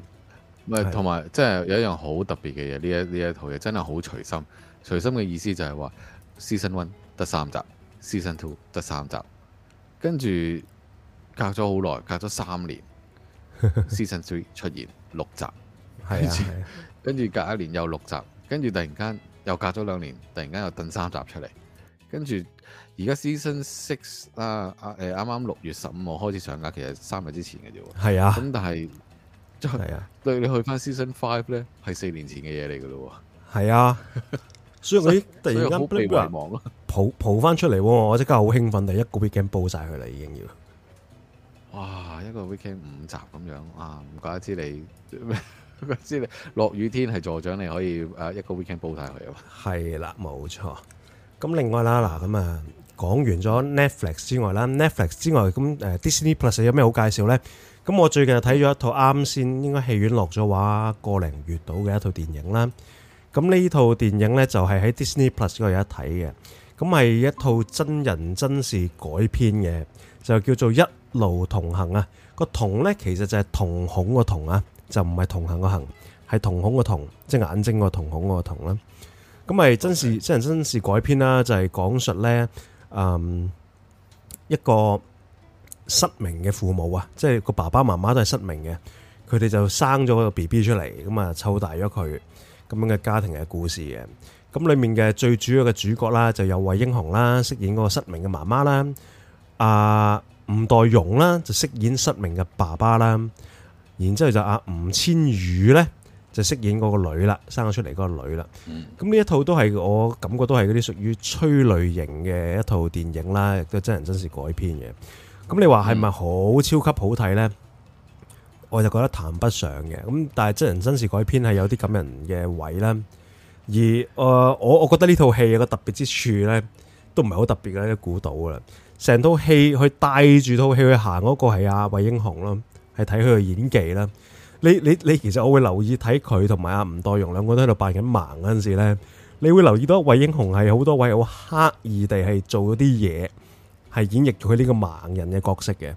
唔係，同埋即係有一樣好特別嘅嘢，呢是、啊、一呢一套嘢真係好隨心。隨心嘅意思就係話，season one 得三集，season two 得三集，跟住隔咗好耐，隔咗三年 ，season three 出現六集，係啊，是啊，跟住隔一年又六集，跟住突然間又隔咗兩年，突然間又等三集出嚟，跟住而家 season six 啊啊誒啱啱六月十五號開始上架，其實三日之前嘅啫喎，是啊、嗯，咁但係。真係啊！對你去翻 Season Five 咧，係四年前嘅嘢嚟噶咯喎。係啊，所以我啲突然間好被遺忘咯。抱抱翻出嚟喎！我即刻好興奮，第一個 weekend 煲晒佢啦，已經要。哇！一個 weekend 五集咁樣啊，唔怪得知你，唔怪得知你落雨天係助長你可以誒一個 weekend 煲晒佢啊嘛。係啦，冇錯。咁另外啦嗱，咁啊講完咗 Netflix 之外啦，Netflix 之外咁誒 Disney Plus 有咩好介紹咧？咁我最近睇咗一套啱先，應該戲院落咗畫個零月到嘅一套電影啦。咁呢套電影呢，就係喺 Disney Plus 度有得睇嘅。咁係一套真人真事改編嘅，就叫做《一路瞳行》啊、那。個瞳呢，其實就係瞳孔個瞳啊，就唔係同行個行，係瞳孔個瞳、瞳、瞳，即係眼睛個瞳孔個瞳啦。咁咪真事真人真事改編啦，就係、是、講述呢嗯，一個。失明嘅父母啊，即係個爸爸媽媽都係失明嘅，佢哋就生咗個 B B 出嚟，咁啊，湊大咗佢咁樣嘅家庭嘅故事嘅。咁裏面嘅最主要嘅主角啦，就有惠英紅啦，飾演嗰個失明嘅媽媽啦，阿、啊、吳岱融啦就飾演失明嘅爸爸啦，然之後就阿吳千語呢，就飾演嗰個女啦，生咗出嚟嗰個女啦。咁呢一套都係我感覺都係嗰啲屬於催淚型嘅一套電影啦，亦都真人真事改編嘅。咁你話係咪好超級好睇呢？我就覺得談不上嘅。咁但係真人真事改編係有啲感人嘅位啦。而誒、呃，我我覺得呢套戲有個特別之處呢，都唔係好特別嘅，估到噶啦。成套戲去帶住套戲去行嗰個係阿惠英紅咯，係睇佢嘅演技啦。你你,你其實我會留意睇佢同埋阿吳岱融兩個都喺度扮緊盲嗰陣時咧，你會留意到惠英紅係好多位好刻意地係做咗啲嘢。係演繹佢呢個盲人嘅角色嘅，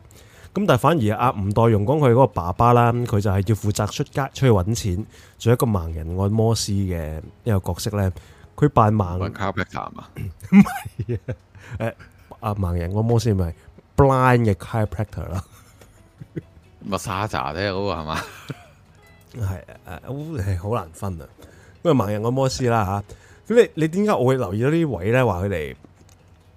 咁但係反而阿、啊、吳岱融講佢嗰個爸爸啦，佢就係要負責出街出去揾錢，做一個盲人按摩師嘅一個角色咧，佢扮盲。chiropractor 嘛？唔係 啊，誒，阿盲人按摩師咪 blind 嘅 chiropractor 啦 massage 咧好係嘛？係啊，好係好難分啊，因為盲人按摩師啦吓，咁你你點解我會留意到位呢位咧？話佢哋。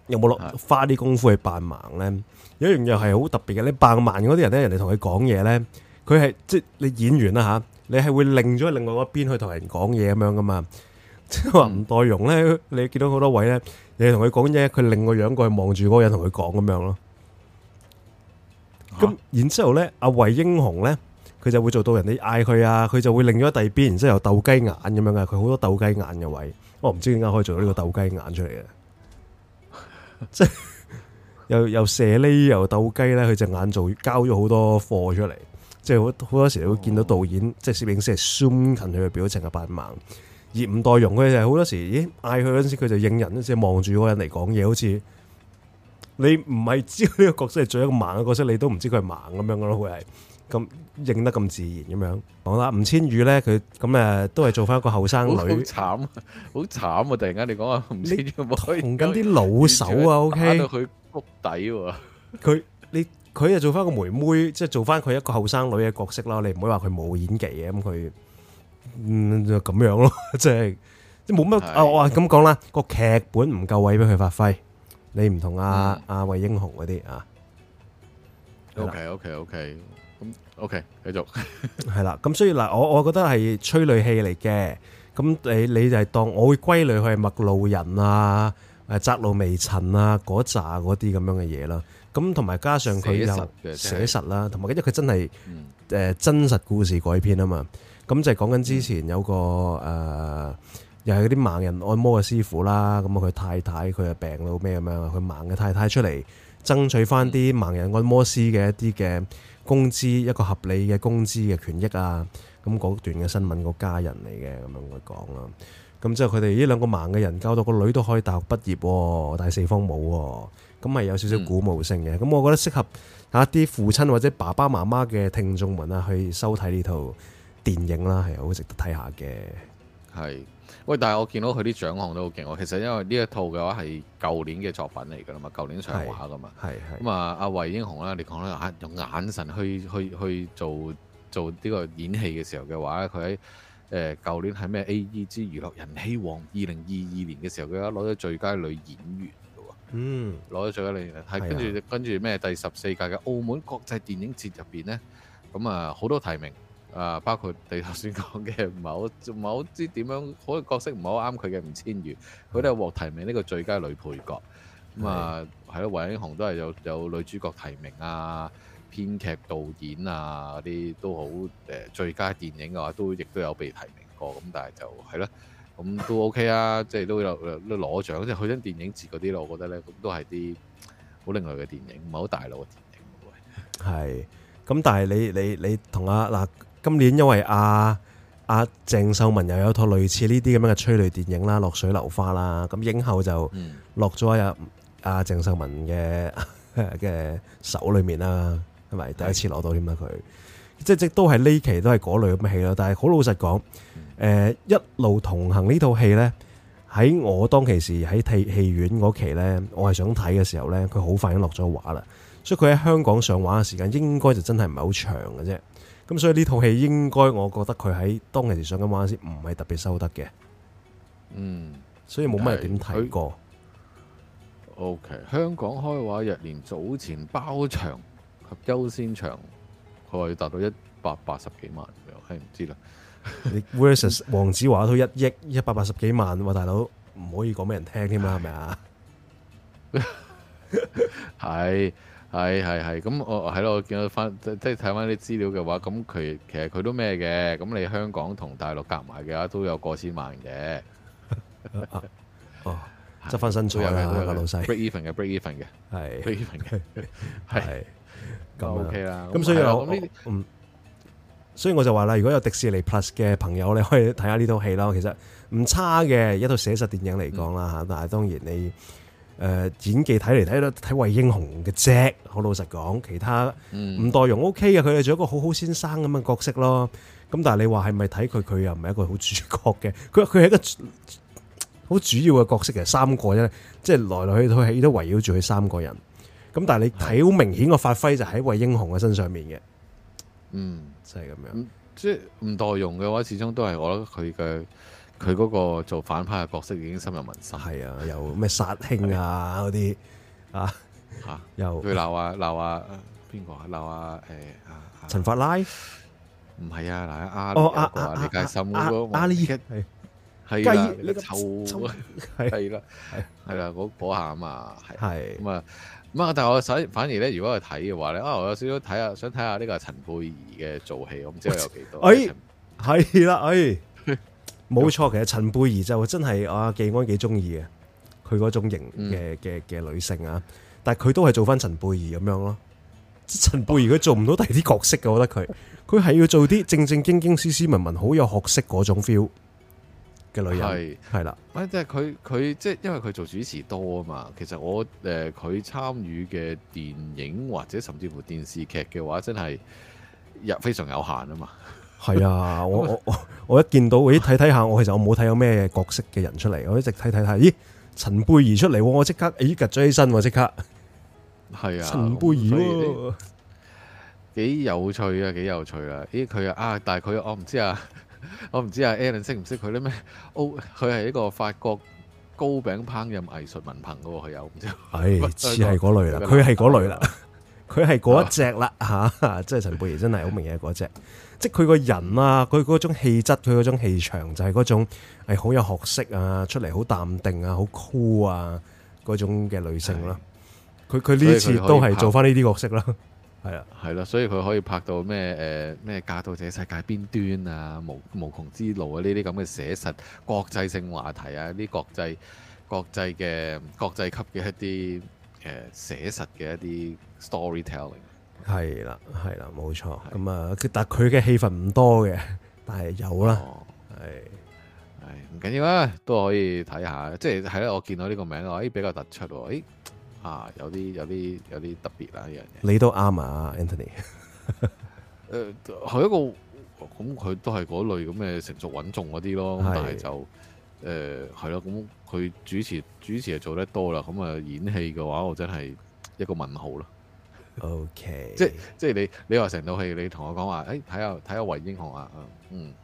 有冇落花啲功夫去扮盲咧？有一樣嘢係好特別嘅，你扮盲嗰啲人咧，人哋同佢講嘢咧，佢係即係你演員啦吓，你係會擰咗另外一邊去同人講嘢咁樣噶嘛？即係話吳岱融咧，你見到好多位咧，你同佢講嘢，佢擰個樣過去望住嗰個人同佢講咁樣咯。咁然之後咧，阿惠英紅咧，佢就會做到人哋嗌佢啊，佢就會擰咗第二邊，然之後有鬥雞眼咁樣嘅，佢好多鬥雞眼嘅位。我唔知點解可以做到呢個鬥雞眼出嚟嘅。即係 又又射呢又鬥雞咧，佢隻眼做交咗好多貨出嚟，即係好好多時會見到導演、哦、即係攝影師係 zoom 近佢嘅表情嘅扮盲。而吳岱融佢就好多時，咦，嗌佢嗰陣時佢就應人，即係望住嗰人嚟講嘢，好似你唔係知道呢個角色係做一個盲嘅角色，你都唔知佢係盲咁樣咯，會係。咁認得咁自然咁樣，講啦，吳千語咧，佢咁誒都係做翻一個後生女，好慘啊，好慘啊！突然間你講啊，吳千語同緊啲老手啊，OK，到佢屋底喎，佢你佢就做翻個妹妹，即係做翻佢一個後生女嘅角色啦。你唔好話佢冇演技嘅，咁佢嗯咁樣咯，即係即係冇乜啊。我咁講啦，個劇本唔夠位俾佢發揮，你唔同阿阿惠英紅嗰啲啊。OK OK OK。OK，繼續係啦。咁 所以嗱，我我覺得係催淚戲嚟嘅。咁你你就係當我會歸類佢係麥路人啊，誒窄路微塵啊，嗰紮嗰啲咁樣嘅嘢啦。咁同埋加上佢又寫實啦，同埋跟住佢真係、嗯呃、真實故事改編啊嘛。咁就係講緊之前有個誒、呃，又係嗰啲盲人按摩嘅師傅啦。咁啊，佢太太佢係病到咩咁樣？佢盲嘅太太出嚟爭取翻啲盲人按摩師嘅一啲嘅。工資，一個合理嘅工資嘅權益啊，咁嗰段嘅新聞，個家人嚟嘅咁樣，佢講啦，咁之後佢哋呢兩個盲嘅人教到個女都可以大學畢業，但係四方冇，咁係有少少鼓舞性嘅。咁、嗯、我覺得適合一啲父親或者爸爸媽媽嘅聽眾們啊，去收睇呢套電影啦，係好值得睇下嘅。係。喂，但係我見到佢啲獎項都好勁喎。其實因為呢一套嘅話係舊年嘅作品嚟㗎啦嘛，舊年上畫㗎嘛。係係。咁啊，阿惠英紅咧，你講得眼，用眼神去去去做做呢個演戲嘅時候嘅話咧，佢喺誒舊年係咩？AEG 娛樂人氣王，二零二二年嘅時候，佢咧攞咗最佳女演員㗎喎。嗯，攞咗最佳女演員，係、啊、跟住跟住咩？第十四屆嘅澳門國際電影節入邊咧，咁啊好多提名。啊，包括你頭先講嘅唔係好，唔係好知點樣，可能角色唔係好啱佢嘅吳千語，佢都係獲提名呢個最佳女配角。咁啊的，係咯、嗯，惠英紅都係有有女主角提名啊，編劇、導演啊啲都好誒、呃、最佳電影嘅話，都亦都有被提名過。咁但係就係咯，咁、嗯、都 OK 啊，即係都有攞獎，即係去親電影節嗰啲咯。我覺得咧，咁都係啲好另類嘅電影，唔係好大路嘅電影。係，咁但係你你你同阿。嗱。今年因為阿阿鄭秀文又有套類似呢啲咁樣嘅催淚電影啦，落水流花啦，咁影后就落咗喺阿阿鄭秀文嘅嘅手裏面啦，係咪第一次攞到添啊？佢是的 即係即係都係呢期都係嗰類咁嘅戲咯。但係好老實講，誒、呃、一路同行呢套戲呢，喺我當其時喺戲院嗰期呢，我係想睇嘅時候呢，佢好快已經落咗畫啦，所以佢喺香港上畫嘅時間應該就真係唔係好長嘅啫。咁所以呢套戲應該我覺得佢喺當其時上緊畫先，唔係特別收得嘅。嗯，所以冇乜點睇過。O、okay, K，香港開畫日連早前包場及優先場，佢話達到一百八十幾萬，又係唔知啦。你 versus 黃子華都一億一百八十幾萬，話大佬唔可以講俾人聽添啊？係咪啊？係。是 係係係，咁我喺度我見到翻即即睇翻啲資料嘅話，咁佢其實佢都咩嘅，咁你香港同大陸夾埋嘅話都有過千萬嘅，啊啊，哦，執翻新出入去嘅老細，Break even 嘅，Break even 嘅，係，Break even 嘅，係的，咁 OK 啦，咁所以的我，嗯，所以我就話啦，如果有迪士尼 Plus 嘅朋友，你可以睇下呢套戲啦，其實唔差嘅，一套寫實電影嚟講啦嚇，嗯、但係當然你。誒、呃，演技睇嚟睇去，睇魏英雄嘅啫。好老實講，其他吳岱融 OK 嘅，佢係做一個好好先生咁嘅角色咯。咁但係你話係咪睇佢，佢又唔係一個好主角嘅？佢佢係一個好主要嘅角色嘅，三個啫，即、就、係、是、來來去去都圍繞住佢三個人。咁但係你睇好明顯個發揮就喺魏英雄嘅身上面嘅。嗯，就係咁樣，嗯、即係吳岱融嘅話始終，始終都係我覺得佢嘅。佢嗰個做反派嘅角色已經深入民心。係啊，有咩殺兄啊嗰啲啊吓，又佢鬧啊鬧啊邊個啊鬧啊誒啊陳法拉唔係啊嗱，阿哦，阿阿李佳芯，咯阿李，係係啦，臭係啦，係啦下啊嘛，係咁啊咁啊，但係我反而咧，如果去睇嘅話咧啊我有少少睇下，想睇下呢個陳佩儀嘅做戲，我唔知佢有幾多誒係啦誒。冇錯，其實陳貝兒就真係啊，紀安幾中意嘅，佢嗰種型嘅嘅嘅女性啊，但係佢都係做翻陳貝兒咁樣咯。陳貝兒佢做唔到第二啲角色嘅，我覺得佢，佢係、嗯、要做啲正正經經、斯斯文文、好有學識嗰種 feel 嘅女人。係啦是，唔係即係佢佢即係因為佢做主持多啊嘛，其實我誒佢參與嘅電影或者甚至乎電視劇嘅話，真係又非常有限啊嘛。係啊，我我我一見到，咦、哎，睇睇下，我其實我冇睇有咩角色嘅人出嚟，我一直睇睇睇，咦，陳貝兒出嚟，我即刻，咦、哎，趌咗起身，即刻，係啊，陳貝兒咯，幾有趣啊，幾有趣啊，咦、哎，佢啊，但係佢，我唔知啊，我唔知啊，Allen 識唔識佢咧？咩佢係一個法國糕餅烹飪藝術文憑嘅喎，佢又唔知，係似係嗰類啦，佢係嗰類啦，佢係嗰一隻啦，吓吧，即係陳貝兒真係好名嘅嗰隻。 即佢個人啊，佢嗰種氣質，佢嗰種氣場就係嗰種係好有學識啊，出嚟好淡定啊，好 cool 啊嗰種嘅女性咯。佢佢呢次都係做翻呢啲角色啦。係啊，係啦 了，所以佢可以拍到咩誒咩嫁到這世界邊端啊，無無窮之路啊呢啲咁嘅寫實國際性話題啊，呢國際國際嘅國際級嘅一啲誒寫實嘅一啲 storytelling。係啦，係啦，冇錯。咁啊的，但佢嘅戲份唔多嘅，但係有啦，係係唔緊要啦，都可以睇下。即係係啦，我見到呢個名，誒比較突出，誒啊，有啲有啲有啲特別啊呢樣嘢。你都啱啊，Anthony、 呃。誒，係一個咁，佢、嗯、都係嗰類咁嘅成熟穩重嗰啲咯。的但係就誒係咯，咁、呃、佢、嗯、主持主持係做得多啦。咁、嗯、啊，演戲嘅話，我真係一個問號咯。O K，即係即係你，你話成套戲，你同我講話，誒，睇下睇下《衛英雄》啊，嗯，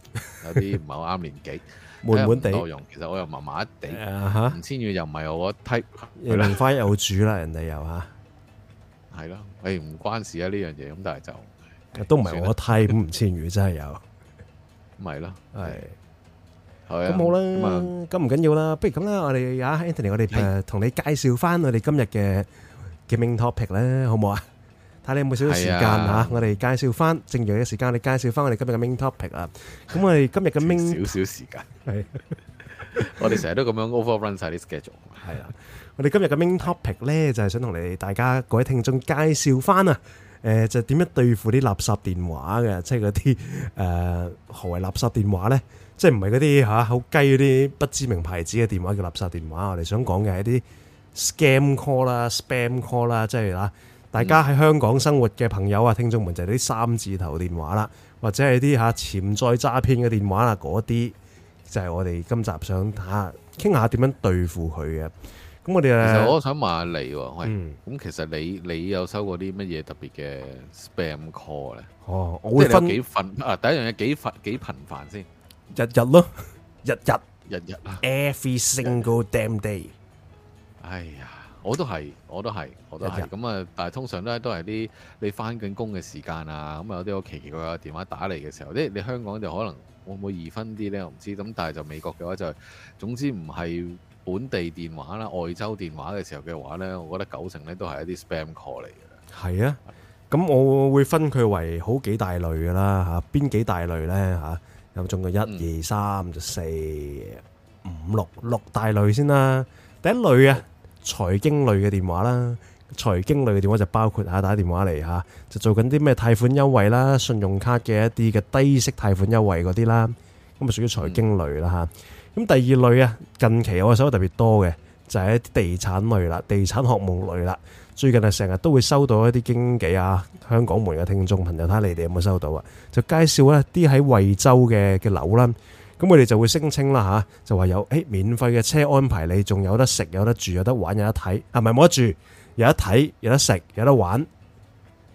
有啲唔係好啱年紀，悶悶地內容，其實我又麻麻地，吳千語又唔係我 type，林花有主啦，人哋又吓，係咯，誒，唔關事啊呢樣嘢，咁但係就都唔係我 type 吳千語真係有，咪係咯，係，咁好啦，咁唔緊要啦，不如咁啦，我哋阿 Anthony，我哋誒同你介紹翻我哋今日嘅 gaming topic 咧，好唔好啊？睇你有冇少少時間嚇，我哋介紹翻剩餘嘅時間，我哋介紹翻我哋今日嘅 main topic 啊。咁我哋今日嘅 main 少少時間，係我哋成日都咁樣 overrun 曬啲 schedule。係啊，我哋今日嘅 main topic 咧，就係想同你大家各位聽眾介紹翻啊。誒，就係點樣對付啲垃圾電話嘅？即係嗰啲誒何謂垃圾電話咧？即係唔係嗰啲嚇好雞嗰啲不知名牌子嘅電話叫垃圾電話？我哋想講嘅係一啲 scam call 啦、spam call 啦，即係嚇。大家喺香港生活嘅朋友啊，聽眾們就係啲三字頭電話啦，或者係啲吓潛在詐騙嘅電話啊，嗰啲就係我哋今集想睇下傾下點樣對付佢嘅。咁我哋咧，我想問下你喎，喂，咁其實你你有收過啲乜嘢特別嘅 spam call 咧？哦，我會分幾份啊，第一樣嘢幾頻幾頻繁先，日日咯，日日日日啊，every single damn day。哎呀！我都係，我都係，我都係。咁啊，但係通常咧都係啲你翻緊工嘅時間啊，咁啊有啲奇奇怪怪嘅電話打嚟嘅時候，啲你香港就可能會唔會易分啲咧？我唔知。咁但係就美國嘅話就係，總之唔係本地電話啦、外州電話嘅時候嘅話咧，我覺得九成咧都係一啲 spam call 嚟嘅。係啊，咁我會分佢為好幾大類㗎啦嚇，邊幾大類咧嚇？有中個一、二、三就四、五、六六大類先啦。第一類啊～財經類嘅電話啦，財經類嘅電話就包括嚇打電話嚟嚇，就做緊啲咩貸款優惠啦，信用卡嘅一啲嘅低息貸款優惠嗰啲啦，咁啊屬於財經類啦嚇。咁第二類啊，近期我收得特別多嘅，就係一啲地產類啦，地產學夢類啦。最近啊，成日都會收到一啲經紀啊，香港門嘅聽眾朋友，睇下你哋有冇收到啊？就介紹一啲喺惠州嘅嘅樓啦。咁佢哋就會聲稱啦嚇，就話有誒免費嘅車安排你，仲有得食有得住有得玩有得睇，係咪冇得住？有得睇有得食有，有，有得玩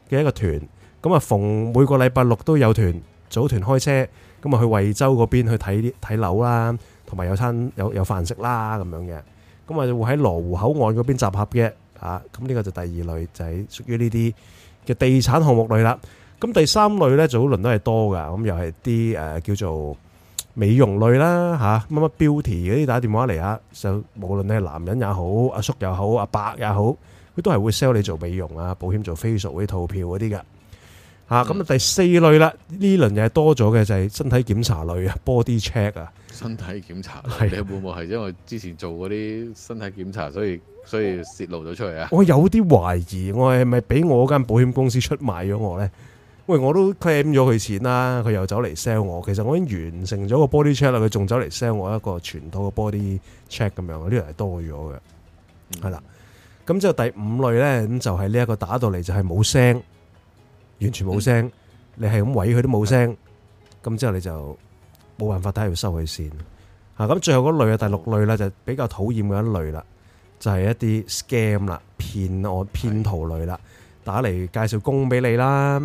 嘅一個團。咁啊，逢每個禮拜六都有團組團開車，咁啊去惠州嗰邊去睇睇樓啦，同埋有餐有有飯食啦咁樣嘅。咁啊會喺羅湖口岸嗰邊集合嘅嚇。咁呢個就第二類就係、是、屬於呢啲嘅地產項目類啦。咁第三類呢，早輪都係多㗎，咁又係啲、呃、叫做。美容類啦嚇，乜乜 beauty 嗰啲打電話嚟嚇，就無論你係男人也好，阿叔又好，阿伯也好，佢都係會 sell 你做美容啊，保險做 facial 啲套票嗰啲嘅嚇。咁、嗯、啊第四類啦，呢輪又係多咗嘅就係身體檢查類啊，body check 啊。身體檢查係、啊、你會唔會係因為之前做嗰啲身體檢查，所以所以泄露咗出嚟啊？我有啲懷疑，我係咪俾我間保險公司出賣咗我呢？喂，我都 claim 咗佢錢啦，佢又走嚟 sell 我。其實我已經完成咗個 body check 啦，佢仲走嚟 sell 我一個全套嘅 body check 咁樣，呢樣係多咗嘅。係啦、嗯，咁之後第五類呢，咁就係呢一個打到嚟就係冇聲，完全冇聲。嗯、你係咁喂佢都冇聲，咁之、嗯、後你就冇辦法睇佢收佢線。咁、嗯、最後嗰類第六類啦，就係、比較討厭嘅一類啦，就係、係、一啲 scam 啦，騙案、騙徒類啦，是的 打嚟介紹工俾你啦。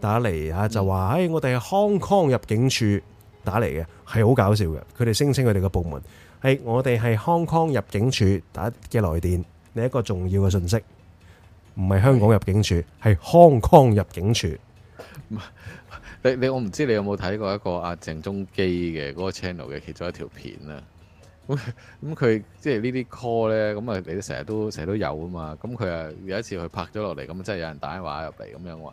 打嚟呀就話，誒我哋係 Hong Kong 入境處打嚟嘅，係好搞笑嘅。佢哋聲稱佢哋嘅部門係我哋係 Hong Kong 入境處打嘅來電，你一個重要嘅信息，唔係香港入境處，係 Hong Kong 入境處。你你我唔知你有冇睇過一個阿鄭中基嘅嗰個 channel 嘅其中一條片呀。咁佢即係呢啲 call 咧，咁啊你成日都成日都有啊嘛。咁佢啊有一次佢拍咗落嚟，咁即係有人打電話入嚟咁樣喎。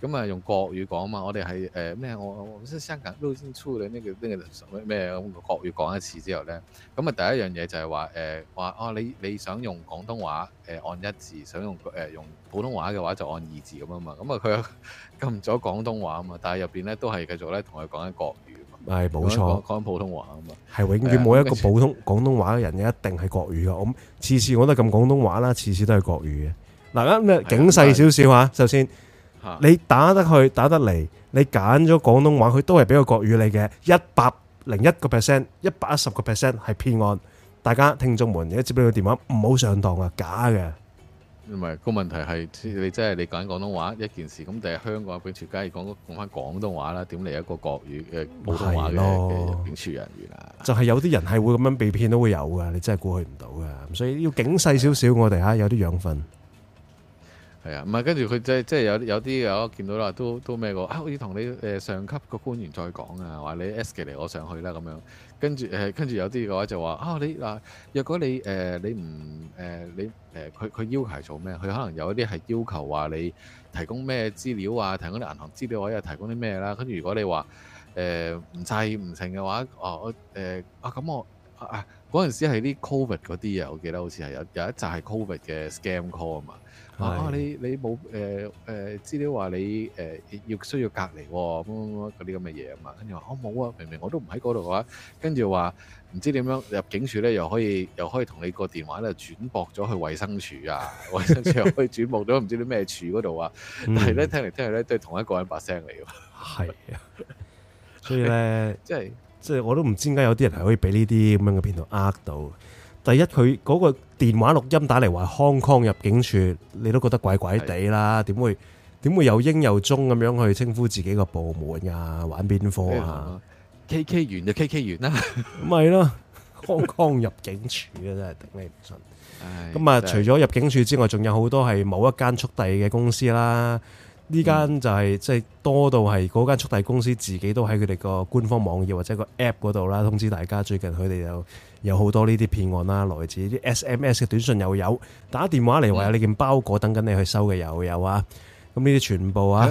咁啊用國語講啊嘛，我哋係誒咩？我我先生近都先粗嘅咩咩咩國語講一次之後咧，咁啊第一樣嘢就係話誒話哦，你你想用廣東話誒按一字，想用誒用普通話嘅話就按二字咁啊嘛。咁啊佢撳咗廣東話啊嘛，但係入邊咧都係繼續咧同佢講一個。係冇錯，講普通話啊嘛，係永遠冇一個普通廣東話嘅人一定係國語㗎。咁次、嗯、次我都係咁廣東話啦，次次都係國語嘅。嗱，咁啊是，警世少少啊，首先你打得去打得嚟，你揀咗廣東話，佢都係俾個國語你嘅，一百零一個 percent，一百一十個 percent 係騙案。大家聽眾們而家接呢個電話，唔好上當啊，假嘅。唔係個問題係，你真係你講緊廣東話一件事咁，第香港嘅警處梗係講講翻廣東話啦。點嚟一個國語嘅普通話嘅警處人員啊？就係有啲人係會咁樣被騙都會有㗎，你真係顧佢唔到㗎，所以要警細少少，我哋嚇有啲養分。係啊，唔係跟住佢即係即係有啲有啲有見到啦，都都咩過啊？好似同你誒上級個官員再講啊，話你 escalate 我上去啦咁樣。跟住跟住有啲嘅話就話啊，你嗱，若果你誒、呃、你唔、呃、你誒，佢、呃、佢要求係做咩？佢可能有一啲係要求話你提供咩資料啊，提供啲銀行資料或、啊、者提供啲咩啦。跟住如果你話誒唔制唔成嘅話，哦、啊、我誒、呃、啊咁我啊嗰陣時係啲 Covid 嗰啲啊，我記得好似係有有一集係 Covid 嘅 scam call 啊嘛。啊！你你冇誒誒資料話你誒要、呃、需要隔離喎，咁樣嗰啲咁嘅嘢啊嘛，跟住話我冇啊，明明我都唔喺嗰度嘅話，跟住話唔知點樣入境處咧，又可以又可以同你個電話咧轉駁咗去衛生署啊，衛生署又可以轉駁咗唔知啲咩處嗰度啊。但係咧、嗯、聽嚟聽去咧都係同一個人把聲嚟嘅。係啊，所以咧，即係即係我都唔知點解有啲人係可以俾呢啲咁樣嘅騙徒呃到。第一佢嗰個電話錄音打嚟話康康入境處，你都覺得怪怪地啦？點會點會又英又中咁樣去稱呼自己個部門呀？玩邊科啊？K K 完就 K K 完啦，咪咯，康康入境處啊，真係頂你唔順。咁啊，除咗入境處之外，仲有好多係某一間速遞嘅公司啦。呢間就係即係多到係嗰間速遞公司自己都喺佢哋個官方網頁或者個 app 嗰度啦，通知大家最近佢哋有。有好多呢啲騙案啦，來自啲 S M S 嘅短信又有，打電話嚟話有你件包裹等緊你去收嘅又有啊，咁呢啲全部啊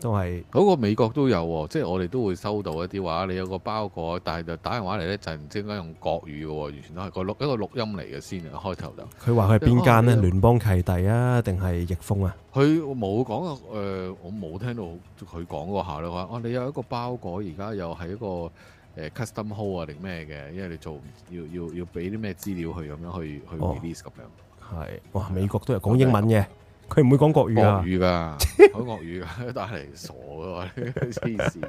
都係嗰個美國都有喎，即係我哋都會收到一啲話你有個包裹，但係就打電話嚟咧就係唔知點解用國語嘅喎，完全都係個錄一個錄音嚟嘅，先嘅，開頭就佢話佢係邊間咧，聯邦契弟啊，定係易豐啊？佢冇講誒，我冇聽到佢講過下咯，我你有一個包裹，而家又係一個。誒、呃、，custom hold 啊定咩嘅？因為你做要要要俾啲咩資料去咁樣去去 release 咁樣。係、哦，哇！美國都係講英文嘅，佢唔會講國語㗎啊，國噶、啊，講國語噶，帶嚟傻嘅呢啲事。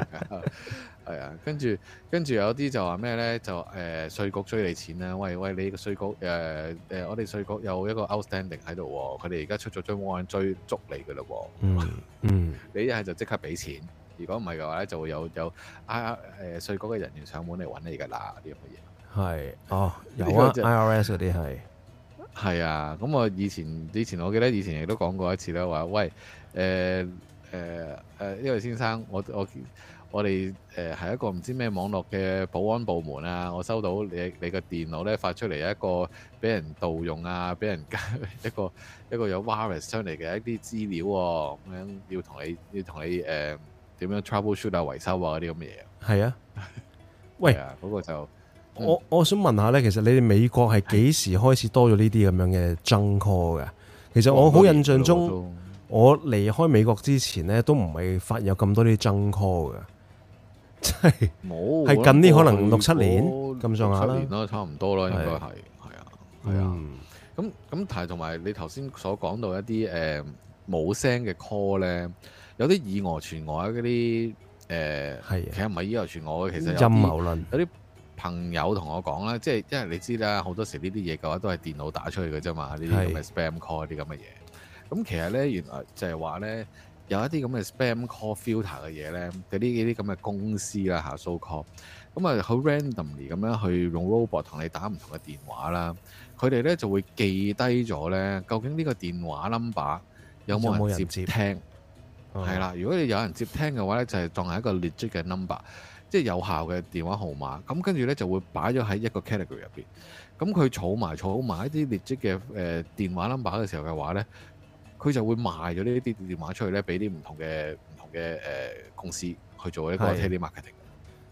係啊，跟住跟住有啲就話咩咧？就誒稅、呃、局追你錢啦、啊！喂喂，你個稅局誒誒、呃，我哋稅局有一個 outstanding 喺度喎、啊，佢哋而家出咗張案追捉你㗎嘞喎。嗯嗯，你一係就即刻俾錢。如果唔係嘅話咧，就會有有 I R 稅局嘅人員上門嚟揾你嘅啦，啲咁嘅嘢。係哦，有啊，I R S 嗰啲係係啊。咁我以前以前我記得以前亦都講過一次咧，話喂誒誒誒呢位先生，我我我哋誒係一個唔知咩網絡嘅保安部門啊，我收到你你個電腦咧發出嚟一個俾人盜用啊，俾人 一個一個有 virus 出嚟嘅一啲資料喎、啊，咁樣要同你要同你誒。呃點樣 trouble shoot 啊，維修啊嗰啲咁嘅嘢啊？係喂啊，喂，嗰個就、嗯、我我想問一下呢，其實你哋美國係幾時開始多咗呢啲咁樣嘅 junk call 嘅？其實我好印象中，我離開美國之前呢，都唔係發現有咁多啲 junk call 嘅，即係冇係近呢？可能六七了年咁上下啦，六七年差唔多啦，應該係，係啊，係啊，咁咁同埋你頭先所講到一啲誒冇聲嘅 call 呢。有啲以訛傳訛嗰啲誒，呃、的其實唔係以訛傳訛嘅，其實有陰謀論有啲朋友同我講啦，即係因為你知啦，好多時呢啲嘢嘅話都係電腦打出去嘅啫嘛。呢啲咁嘅 spam call 啲咁嘅嘢，咁其實咧原來就係話咧有一啲咁嘅 spam call filter 嘅嘢咧，嘅呢幾啲咁嘅公司啦嚇，so call 咁啊好 randomly 咁樣去用 robot 同你打唔同嘅電話啦。佢哋咧就會記低咗咧究竟呢個電話 number 有冇人接聽。有係啦，嗯、如果你有人接聽嘅話咧，就係、是、當係一個 legit 嘅 number，即係有效嘅電話號碼。咁跟住咧就會擺咗喺一個 category 入邊。咁佢儲埋儲好埋一啲 legit 嘅誒電話 number 嘅時候嘅話咧，佢就會賣咗呢一啲電話出去咧，俾啲唔同嘅唔同嘅誒公司去做一個 telemarketing。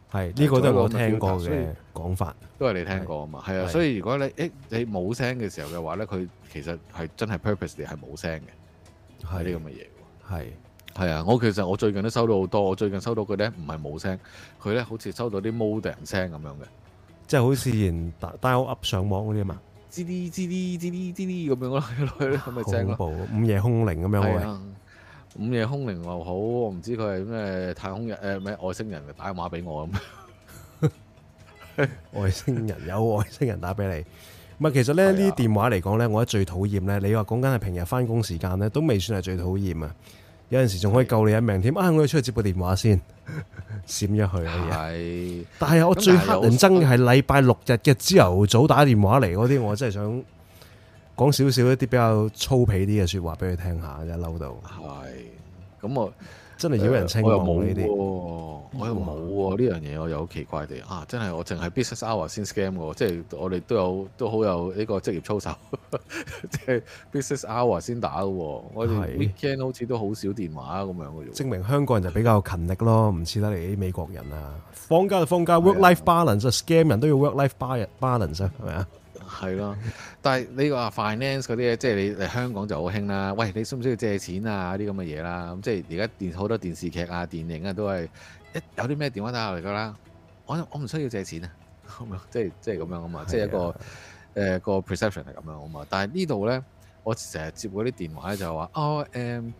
係，呢個都係我聽過嘅講法，都係你聽過啊嘛。係啊是是，所以如果你誒、欸、你冇聲嘅時候嘅話咧，佢其實係真係 purposely 係冇聲嘅，係呢咁嘅嘢喎。係啊，我其實我最近都收到好多。我最近收到佢咧，唔係冇聲，佢咧好似收到啲 modem 聲咁樣嘅，即係好似連 d o w n 上網嗰啲啊嘛，吱啲吱啲吱啲吱啲咁樣咯，咁咪正咯。恐怖，午、嗯嗯、夜凶鈴咁樣嘅，午、啊嗯、夜凶鈴又好，我唔知佢係咩太空人誒，咩、呃、外星人嚟打個話俾我咁。 外星人有外星人打俾你，唔係 其實咧呢啲、啊、電話嚟講咧，我最討厭咧。你話講緊係平日翻工時間咧，都未算係最討厭啊。有陣時仲可以救你一命添，是的 啊！我要出去接個電話先，閃咗去啊！係的，但係我最黑人憎嘅係禮拜六日嘅朝頭早打電話嚟嗰啲，我真係想講少少一啲比較粗鄙啲嘅說話俾佢聽下，一嬲到。係，咁我。真係有人清冇呢啲，些我又冇喎，呢樣嘢我又好、啊、奇怪地啊！真係我淨係 business hour 先 scam 㗎，即、就、係、是、我哋都有都好有呢個職業操守，即 係 business hour 先打㗎。我哋 weekend 好似都好少電話咁樣嘅喎。是證明香港人就比較勤力咯，唔似得你啲美國人啊！放假就放假的，work life balance，scam 人都要 work life bal balance 啊，係咪啊？係咯 ，但係你話 finance 嗰啲即係你嚟香港就好興啦。喂，你需唔需要借錢啊？啲咁嘅嘢啦，咁即係而家電好多電視劇啊、電影啊都係一有啲咩電話打落嚟㗎啦。我我唔需要借錢啊， 即係的即係咁樣啊嘛，即係一個誒、呃、個 perception 係咁樣啊嘛。但係呢度咧，我成日接嗰啲電話就話哦誒誒、呃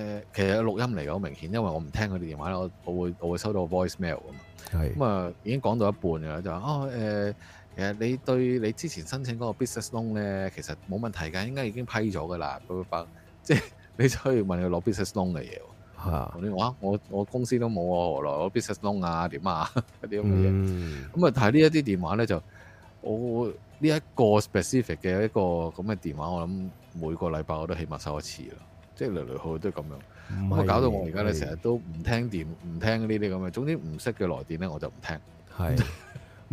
呃，其實錄音嚟㗎，好明顯，因為我唔聽佢電話咧，我我會我會收到個 voice mail 啊嘛。係咁啊，已經講到一半㗎就話哦誒。呃其實你對你之前申請嗰個 business loan 咧，其實冇問題㗎，應該已經批咗㗎啦。即係你就可以問佢攞 business loan 嘅嘢喎。嚇、啊！哇！我我公司都冇啊，我攞 business loan 啊？點啊？嗰啲咁嘅嘢。咁啊、嗯，但係呢一啲電話咧就，我呢、這個、一個 specific 嘅一個咁嘅電話，我諗每個禮拜我都起碼收一次啦。即係嚟嚟去去都係咁樣，咁啊是搞到我而家咧成日都唔聽電，唔聽呢啲咁嘅。總之唔識嘅來電咧我就唔聽。係。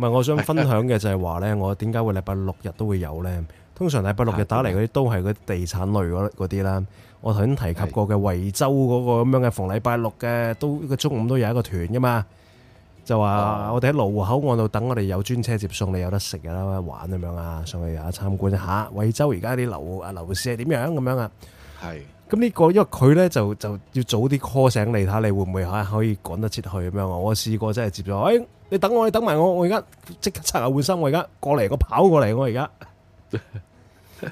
唔係，我想分享嘅就係話呢， 我點解會禮拜六日都會有呢？通常禮拜六日打嚟嗰啲都係嗰啲地產類嗰啲啦。我頭先提及過嘅惠州嗰個咁樣嘅，逢禮拜六嘅都個中午都有一個團㗎嘛，就話我哋喺羅湖口岸度等，我哋有專車接送你，有得食啦、玩咁樣啊，上去啊參觀一下惠州而家啲樓啊樓市係點樣咁樣啊？係。咁呢個，因為佢咧就就要早啲 call 醒你，睇下你會唔會可可以趕得切去咁樣啊？我試過真係接咗，誒你等我，你等埋我，我而家即刻擦牙換衫，我而家過嚟，我跑過嚟，我而家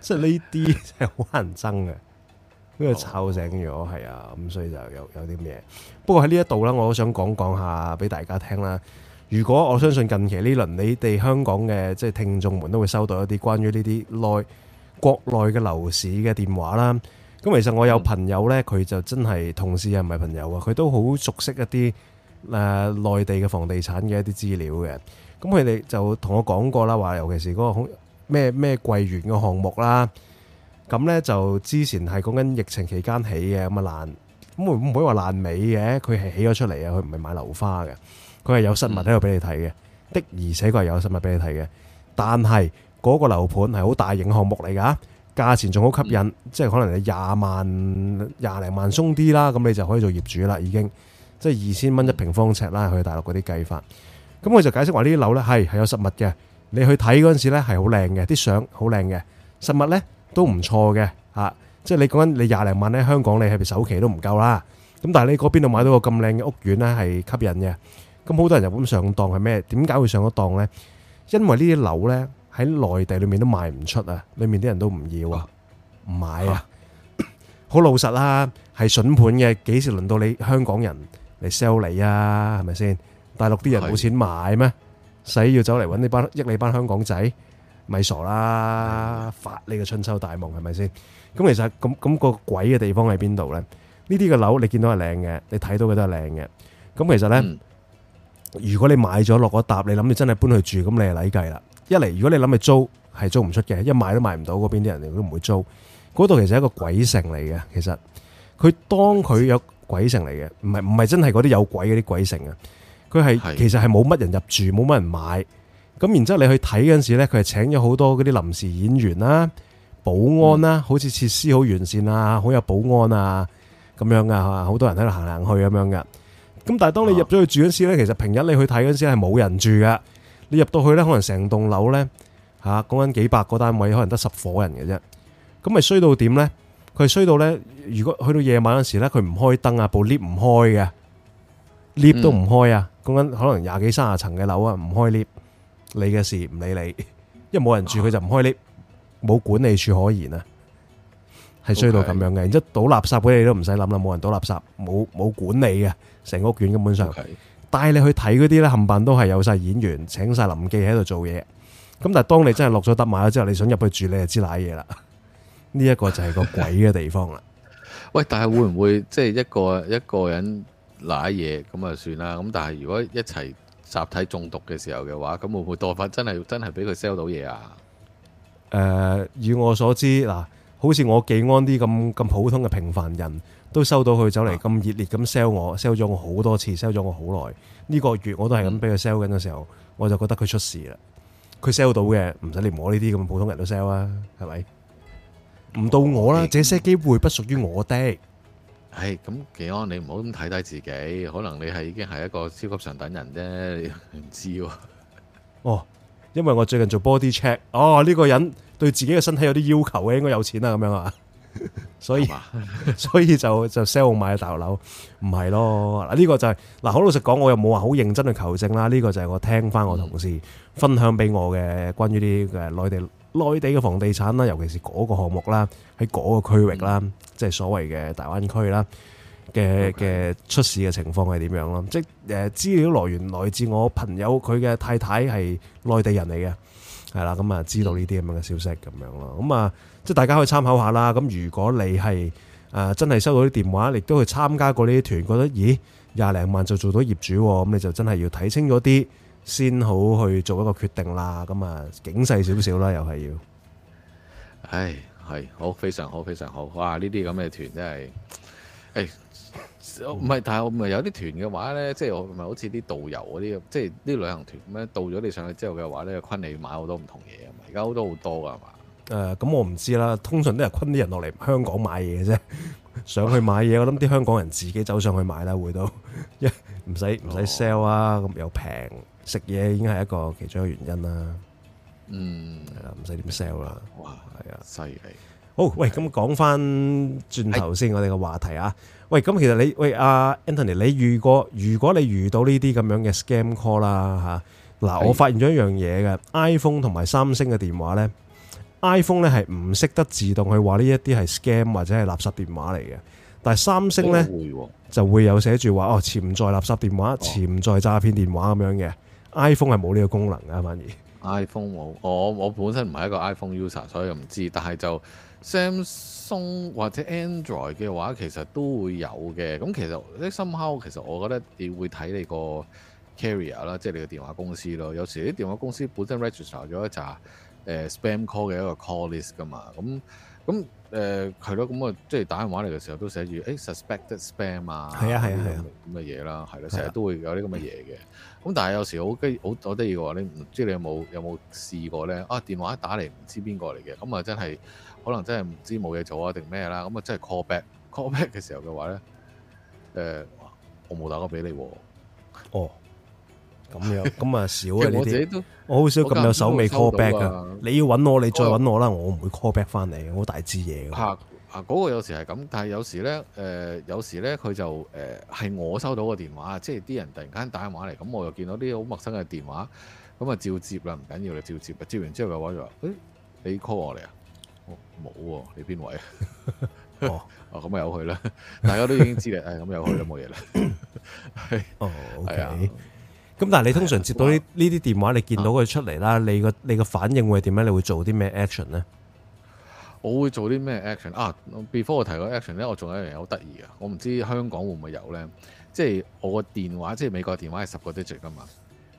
即係呢啲係好難憎嘅，因為吵醒咗係啊，咁所以就有有啲咩。不過喺呢一度啦，我都想講講下俾大家聽啦。如果我相信近期呢輪你哋香港嘅即係聽眾們都會收到一啲關於呢啲內國內嘅樓市嘅電話啦。咁其實我有朋友呢，佢就真係同事又唔係朋友啊，佢都好熟悉一啲誒、呃、內地嘅房地產嘅一啲資料嘅。咁佢哋就同我講過啦，話尤其是嗰個咩咩桂園嘅項目啦，咁呢，就之前係講緊疫情期間起嘅，咁啊爛，咁會唔會話爛尾嘅？佢係起咗出嚟啊，佢唔係買樓花嘅，佢係有實物喺度俾你睇嘅，的而且確係有實物俾你睇嘅。但係嗰個樓盤係好大型的項目嚟噶。價錢仲好吸引，即係可能你廿萬、廿零萬鬆啲啦，咁你就可以做業主啦，已經即係二千蚊一平方尺啦，去大陸嗰啲計法。咁我就解釋話呢啲樓咧係係有實物嘅，你去睇嗰陣時咧係好靚嘅，啲相好靚嘅，實物咧都唔錯嘅嚇。即係你講緊你廿零萬咧，香港你係咪首期都唔夠啦？咁但係你嗰邊度買到個咁靚嘅屋苑咧係吸引嘅。咁好多人就咁上當係咩？點解會上咗當咧？因為呢啲樓咧。喺內地裏面都賣唔出啊！裏面啲人都唔要啊，唔買啊，好老實啦，係筍盤嘅，幾時輪到你香港人嚟 sell 你啊？係咪先？大陸啲人冇錢買咩？使要走嚟揾你班益你班香港仔，咪傻啦！發你個春秋大夢係咪先？咁其實咁咁個鬼嘅地方喺邊度呢？呢啲嘅樓你見到係靚嘅，你睇到嘅都係靚嘅。咁其實呢，如果你買咗落嗰笪，你諗住真係搬去住，咁你係禮計啦。一嚟，如果你諗住租，係租唔出嘅；一買都買唔到，嗰邊啲人亦都唔會租。嗰度其實係一個鬼城嚟嘅。其實佢當佢有鬼城嚟嘅，唔係唔係真係嗰啲有鬼嗰啲鬼城啊。佢係是的 其實係冇乜人入住，冇乜人買。咁然之後你去睇嗰陣時咧，佢係請咗好多嗰啲臨時演員啦、保安啦，嗯、好似設施好完善啊，好有保安啊咁樣噶，好多人喺度行行去咁樣噶。咁但係當你入咗去住嗰時呢，其實平日你去睇嗰時係冇人住㗎。你入到去咧，可能成棟樓咧嚇，講緊幾百個單位，可能得十夥人嘅啫。咁咪衰到點咧？佢衰到咧，如果去到夜晚嗰時咧，佢唔開燈啊，部 lift 唔開嘅，lift 都唔開啊。講緊可能廿幾三十層嘅樓啊，唔開 lift，你嘅事唔理你，因為冇人住，佢就唔開 lift，冇管理處可言啊，係衰到咁樣嘅。然之後倒垃圾畀你都唔使諗啦，冇人倒垃圾，冇冇管理嘅，成個屋苑根本上。但你去睇嗰啲呢，冚棒都係有晒演員，請晒林記喺度做嘢。咁但係當你真係落咗得買之後，你想入去住，你就知瀨嘢啦。呢、這、一個就係個鬼嘅地方啦。 喂，但係會唔會即係、就是、一個一個人瀨嘢咁啊算啦。咁但係如果一齊集體中毒嘅時候嘅話，咁會唔會多發真係真係俾佢 sell 到嘢啊？誒、呃，以我所知嗱。好似我幾安啲咁咁普通嘅平凡人都收到佢走嚟咁熱烈咁 sell 我 sell 咗我好多次 sell 咗我好耐呢個月我都係咁俾佢 sell 緊嘅時候，我就覺得佢出事啦。佢 sell 到嘅唔使連我呢啲咁普通人都 sell 啊，係咪？唔到我啦，這些機會不屬於我的。係咁、哎，幾安你唔好咁睇低自己，可能你係已經係一個超級上等人啫，你唔知喎、啊。哦，因為我最近做 body check，哦呢、這個人。對自己嘅身體有啲要求嘅，應該有錢啦咁樣啊，所以所以就就 sell 買大樓，唔係咯。嗱呢個就係嗱，好老實講，我又冇話好認真去求證啦。呢個就係我聽翻我同事分享俾我嘅關於啲嘅內地內地嘅房地產啦，尤其是嗰個項目啦，喺嗰個區域啦，即係所謂嘅大灣區啦嘅嘅出事嘅情況係點樣咯？即係誒資料來源來自我朋友佢嘅太太係內地人嚟嘅。係啦，咁啊知道呢啲咁樣嘅消息咁樣咯，咁啊即係大家可以參考下啦。咁如果你係誒真係收到啲電話，亦都去參加過呢啲團，覺得咦廿零萬就做到業主，咁你就真係要睇清嗰啲，先好去做一個決定啦。咁啊，警示少少啦，又係要。唉，係，好，非常好，非常好。哇，呢啲咁嘅團真係，誒。唔係，但係唔係有啲團嘅話咧，即係我唔係好似啲導遊嗰啲，即係啲旅行團咩？到咗你上去之後嘅話咧，昆你買好多唔同嘢啊嘛，而家好多好多噶係嘛？誒、呃，咁我唔知啦。通常都係昆啲人落嚟香港買嘢啫，上去買嘢。 我諗啲香港人自己走上去買啦， 會都一唔使唔使 sell 啊，咁、哦、又平食嘢已經係一個其中嘅原因啦。嗯，係啦，唔使點 sell 啦。哇，係啊對，犀利害。好，嗯、喂，咁講翻轉頭先說是我哋嘅話題啊。喂，咁其實你，喂阿、啊、Anthony，你遇過，如果你遇到呢啲咁樣嘅 scam call 啦，嚇，嗱，我發現咗一樣嘢嘅，iPhone 同埋三星嘅電話呢 iPhone 咧係唔識得自動去話呢一啲係 scam 或者係垃圾電話嚟嘅，但係三星呢，會就會有寫住話哦，潛在垃圾電話、哦、潛在詐騙電話咁樣嘅，iPhone 係冇呢個功能嘅反而，iPhone 冇，我我本身唔係一個 iPhone user，所以唔知，但係就 Samsung 或者 Android 嘅話其實都會有嘅。咁其實即 somehow，其實我覺得你會睇你個 carrier 啦，即係你個電話公司咯。有時啲電話公司本身 register 咗一紮誒 spam call 嘅一個 call list 噶嘛。咁咁。誒係咯，咁啊、呃，即係打電話嚟嘅時候都寫住誒、欸、suspected spam 啊，係啊係啊咁嘅嘢啦，係咯，成日的都會有啲咁嘅嘢嘅。咁的但係有時好好好得意嘅話，你唔知你有冇有冇試過咧？啊電話一打嚟唔知邊個嚟嘅，咁啊真係可能真係唔知冇嘢做啊定咩啦？咁啊真係 call back、哦、call back 嘅時候嘅話咧，誒、呃、我冇打過俾你喎、啊。哦咁樣，咁啊少啊自己都……我好少咁有，有手尾 call back 噶。啊、你要揾我，你再揾我啦，我唔會 call back 翻你，好大支嘢。吓吓，嗰個有時係咁，但係有時咧，誒，有時咧佢就誒係我收到個電話，即係啲人突然間打電話嚟，咁我又見到啲好陌生嘅電話，咁啊照接啦，唔緊要，你照接。接完之後嘅話就話，誒、欸，你 call 我嚟啊？我冇、啊，你邊位啊、？ 哦 哦？哦，啊咁又去啦，大家都已經知啦，誒、 哎，咁又去啦，冇嘢啦。係、 哎呀，哦，係啊。咁但係你通常接到呢呢啲電話，你見到佢出嚟啦，你個你個反應會係點樣？你會做啲咩 action 咧？我會做啲咩 action 啊？before 我提個 action 咧，我仲有一樣嘢好得意嘅，我唔知香港會唔會有咧。即係我個電話，即係美國電話係十個 digit 噶嘛。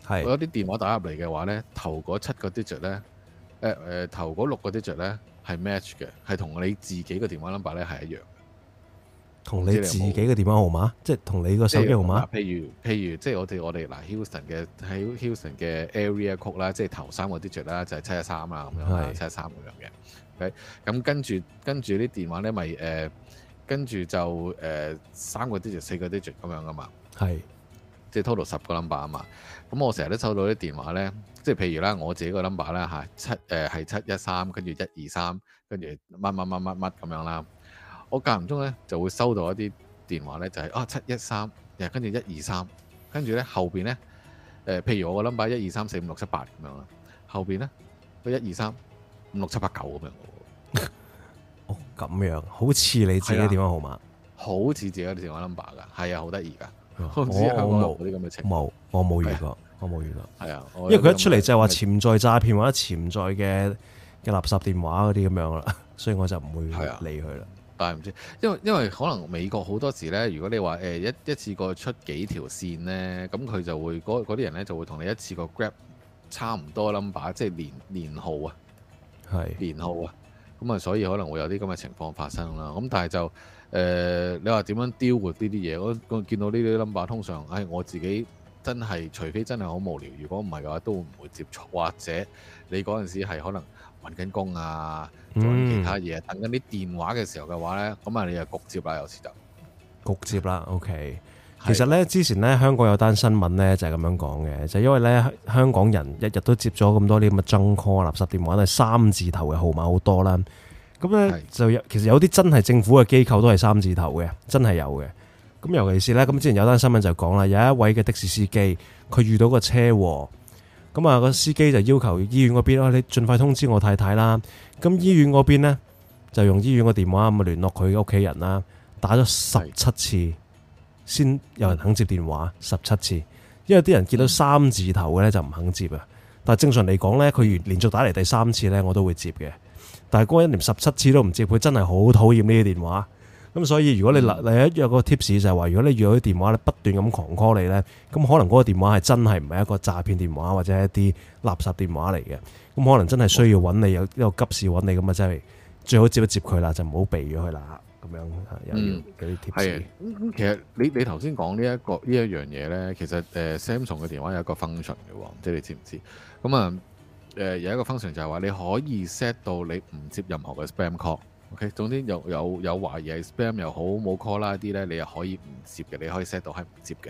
係是，我有啲電話打入嚟嘅話咧，頭嗰七個 digit 咧，誒、呃、誒頭嗰六個 digit 咧係 match 嘅，係同你自己個電話 number 咧係一樣。同你自己嘅電話號碼，即係同你個手機號碼。譬如譬如，即係我哋我哋嗱 Hilton 嘅喺 Hilton 嘅 Area 曲啦，即係頭三個 digits 啦，就係七一三啦。咁樣啊，七一三咁樣嘅。咁跟住跟住啲電話咧，咪誒跟住就誒三個 digits、四個 digits 咁樣噶嘛。係，即係 total 十個 number 啊嘛。咁我成日都收到啲電話咧，即係譬如啦，我自己個 number 啦，嚇七誒係七一三，跟住一二三，跟住乜乜乜乜乜咁樣啦。我間唔中咧就會收到一啲電話咧，就係啊七一三，然後跟住一二三，跟住咧後邊咧，誒譬如我個 number 一二三四五六七八咁樣啦，後邊咧個一二三五六七八九咁樣嘅。 哦，咁樣好似你自己嘅電話號碼，好似自己電話 number 噶，係啊，好得意噶。我冇啲咁嘅情冇，我冇遇過，啊、我冇遇過。係啊，因為佢一出嚟就係話潛在詐騙或者潛在嘅嘅垃圾電話嗰啲咁樣啦，所以我就唔會理佢啦。但係唔知，因為因為可能美國好多時呢，如果你話誒一一,一次過出幾條線呢，咁佢就會嗰啲人呢就會同你一次過 grab 差唔多 number，即係連連，連號啊，係是連號啊，咁啊所以可能會有啲咁嘅情況發生啦。咁但係就誒、呃、你話點樣 deal with 呢啲嘢？我我見到呢啲 number 通常，誒我自己真係除非真係好無聊，如果唔係嘅話都唔會接觸。或者你嗰陣時係可能。搵緊工啊，做緊其他嘢，等緊啲電話嘅時候嘅話咧，咁啊你就焗接啦，有時就焗接啦。OK，其實咧之前咧香港有單新聞咧就係咁樣講嘅，就因為咧香港人日日都接咗咁多啲咁嘅 junk call 垃圾電話，係三字頭嘅號碼好多啦。咁咧就有其實有啲真係政府嘅機構都係三字頭嘅，真係有嘅。咁尤其是咧，咁之前有單新聞就講啦，有一位嘅的士司機佢遇到個車禍。咁啊，個司機就要求醫院嗰邊啦，你盡快通知我太太啦。咁醫院嗰邊呢，就用醫院個電話咁啊聯絡佢嘅屋企人啦，打咗十七次先有人肯接電話，十七次，因為啲人見到三字頭嘅咧就唔肯接啊。但係正常嚟講呢，佢連連續打嚟第三次呢，我都會接嘅。但係一連十七次都唔接，佢真係好討厭呢啲電話。咁、嗯、所以如果你嚟嚟一有個 tips 就係話，如果你遇到啲電話咧不斷咁狂 call 你咧，咁可能嗰個電話係真係唔係一個詐騙電話或者一啲垃圾電話嚟嘅，咁可能真係需要揾你有呢個急事揾你咁啊，真係最好接一接佢啦，就唔好避咗佢啦，咁樣有啲 tips。咁、嗯、其實你你頭先講呢一個呢一樣嘢咧，其實誒 s a m s o n 嘅電話有一個 function 嘅喎，即係你知唔知？咁啊誒有一個 function 就係話你可以 set 到你唔接任何嘅 spam call。OK，總之有有有懷疑係 spam 又好冇 call 啦啲咧，你又可以唔接嘅，你可以 set 到係唔接嘅。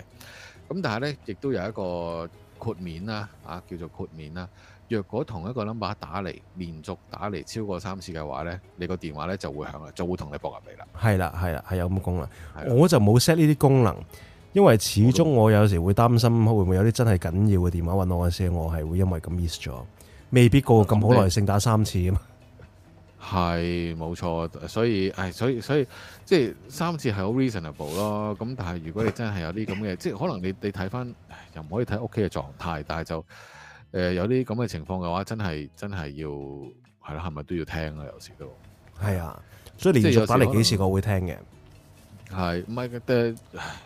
咁但係咧，亦都有一個豁免啦，啊叫做豁免啦。若果同一個 number 打嚟，連續打嚟超過三次嘅話咧，你個電話咧就會響啦，就會同你撥入嚟啦。係啦，係啦，係有咁嘅功能。的我就冇 set 呢啲功能，因為始終我有時會擔心會唔會有啲真係緊要嘅電話搵我嘅事，我係會因為咁 miss 咗，未必個個咁好耐性打三次啊嘛。 係冇錯，所以誒、哎，所以所以即係三次係好 reasonable 咯。咁但係如果你真係有啲咁嘅，即係可能你你睇返又唔可以睇屋企嘅狀態，但係就誒、呃、有啲咁嘅情況嘅話，真係真係要係咯，係咪都要聽啊？有時都係啊，所以連續你續打嚟幾時，我會聽嘅。係，唔係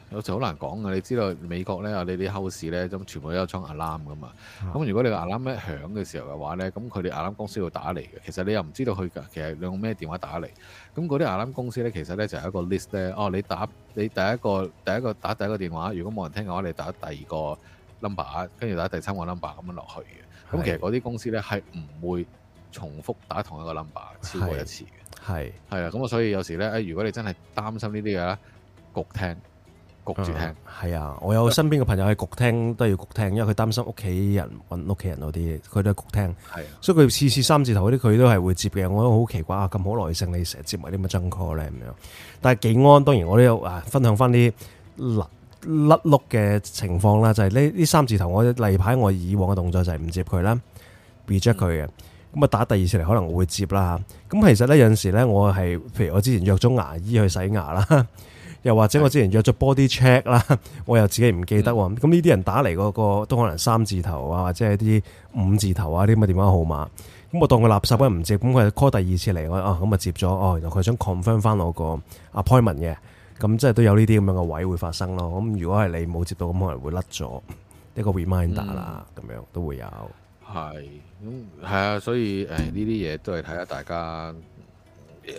有時好難講嘅。你知道美國咧，你啲 house 咧，咁全部都有裝 alarm 嘅嘛。咁、嗯、如果你個 alarm 一響嘅時候嘅話咧，咁佢哋 alarm 公司會打嚟嘅。其實你又唔知道佢其實你用咩電話打嚟。咁嗰啲 alarm 公司咧，其實咧就係、是、一個 list 咧。哦，你打你第一個第一個打第一個電話，如果冇人聽嘅話，你打第二個 number，跟住打第三個 number 咁樣落去嘅。咁是其實嗰啲公司咧係唔會重複打同一個 number 超過一次嘅。係，係啊，咁啊，所以有時咧，誒，如果你真係擔心呢啲嘢咧，焗聽，焗住聽，係啊，啊，我有身邊嘅朋友係焗聽，都要焗聽，因為佢擔心屋企人揾屋企人嗰啲，佢都係焗聽，係啊，所以佢次次三字頭嗰啲，佢都係會接嘅，我覺得好奇怪啊，咁好耐性，你成日接埋啲乜真 call 咧咁樣，但係幾安當然我都有啊，分享翻啲甩碌嘅情況啦，就係呢呢三字頭我，我例牌我以往嘅動作就係唔接佢啦，reject 佢嘅。咁啊打第二次嚟，可能我會接啦。咁其實咧有陣時咧，我係譬如我之前約咗牙醫去洗牙啦，又或者我之前約咗 body check 啦，我又自己唔記得喎。咁呢啲人打嚟嗰個都可能三字頭啊，或者係啲五字頭啊啲咁嘅電話號碼。咁我當佢垃圾咧唔接，咁佢 call 第二次嚟，我哦，咁啊接咗。哦，然後佢想 confirm 翻我個 appointment 嘅，咁即係都有呢啲咁樣嘅位會發生咯。咁如果係你冇接到，咁可能會甩咗一個 reminder 啦，咁樣都會有。係、嗯。咁係、嗯、啊，所以誒呢啲嘢都係睇下大家。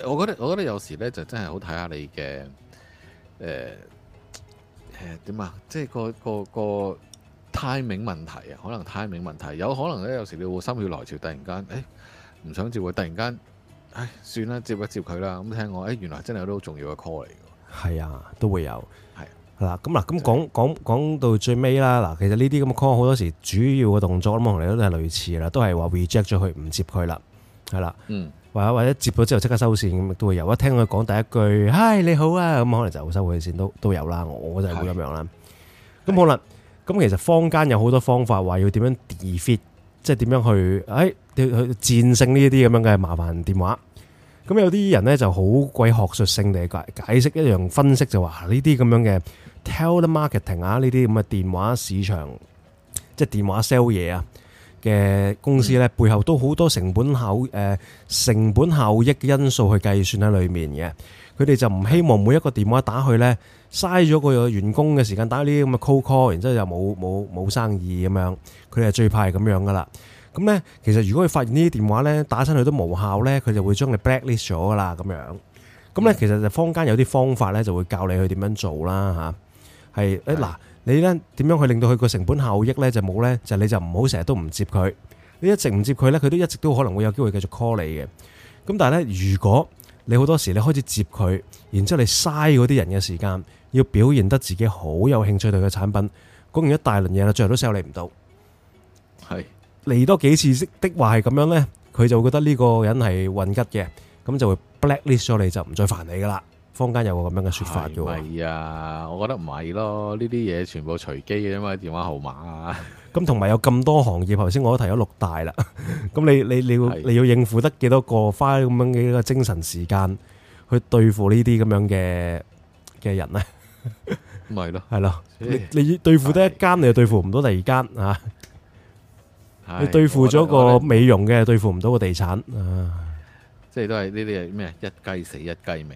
我覺得我覺得有時咧就真係好睇下你嘅誒誒點啊，即係個個個 timing 問題啊，可能 timing 問題，有可能咧有時你會心血來潮，突然間誒唔、欸、想接，突然間唉，算啦，接一接佢啦。咁聽我誒、欸、原來真係有啲好重要嘅 call 嚟㗎。係啊，都會有係。係啦，咁嗱、嗯，咁講講講到最尾啦，嗱，其實呢啲咁嘅 call 好多時主要嘅動作咁，我同你都係類似啦，都係話 reject 咗佢，唔接佢啦，係啦，嗯，或者或者接到之後即刻收線咁，都會有。一聽佢講第一句，嗨，你好啊，咁可能就收佢線都都有啦，我我就係會咁樣啦。咁好啦，咁其實坊間有好多方法話要點樣 defeat，即係點樣去誒去、哎、戰勝呢啲咁樣嘅麻煩電話。咁有啲人咧就好鬼學術性地解解釋一樣分析，就話呢啲咁樣嘅。telemarketing 啊，呢啲咁嘅電話市場，即係電話 sell 嘢啊嘅公司咧，背後都好多成本效誒成本效益嘅因素去計算喺裏面嘅。佢哋就唔希望每一個電話打去咧，嘥咗個員工嘅時間，打呢啲咁嘅 cold call，然之後又冇冇冇生意咁樣，佢哋係最怕係咁樣噶啦。咁咧，其實如果佢發現呢啲電話咧打出去都無效咧，佢就會將你 blacklist 咗噶啦咁樣。咁咧，其實就坊間有啲方法咧，就會教你去點樣做啦嚇。係誒嗱，你咧點樣去令到佢個成本效益咧就冇咧？就、就係、你就唔好成日都唔接佢，你一直唔接佢咧，佢都一直都可能會有機會繼續 call 你嘅。咁但係咧，如果你好多時你開始接佢，然之後你嘥嗰啲人嘅時間，要表現得自己好有興趣對佢產品講完，嗰個、一大輪嘢啦，最後都 sell 你唔到。係嚟多幾次的話係咁樣咧，佢就會覺得呢個人係混吉嘅，咁就會 blacklist 咗你就唔再煩你㗎啦。坊間有個咁樣嘅說法嘅喎，係啊，我覺得唔係咯，呢啲嘢全部隨機嘅，因為電話號碼啊。咁同埋有咁多行業，頭先我都提咗六大啦。咁你你你要你要應付得幾多個，花咁樣嘅一個精神時間去對付呢啲咁樣嘅嘅人呢？咪咯，係咯，你你要對付得一間，你就對付唔到第二間啊。你對付咗個美容嘅，對付唔到個地產啊。即係都係呢啲係咩？一雞死一雞鳴。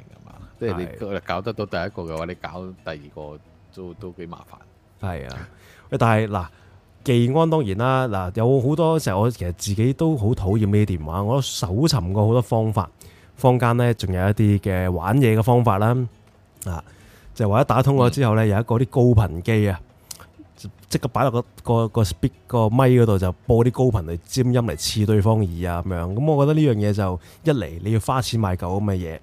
即係你，搞得到第一個嘅話，你搞第二個都都幾麻煩。係啊，喂！但係嗱，技安當然啦。嗱，有好多時候，我其實自己都好討厭呢啲電話。我都搜尋過好多方法，坊間咧仲有一啲嘅玩嘢嘅方法啦。啊，就係、或者打通咗之後咧，有一個啲高頻機啊，即、嗯、刻擺落個個個スピ個咪嗰度就播啲高頻嚟尖音嚟刺對方耳啊咁樣。咁我覺得呢樣嘢就一嚟你要花錢買嚿咁嘅嘢。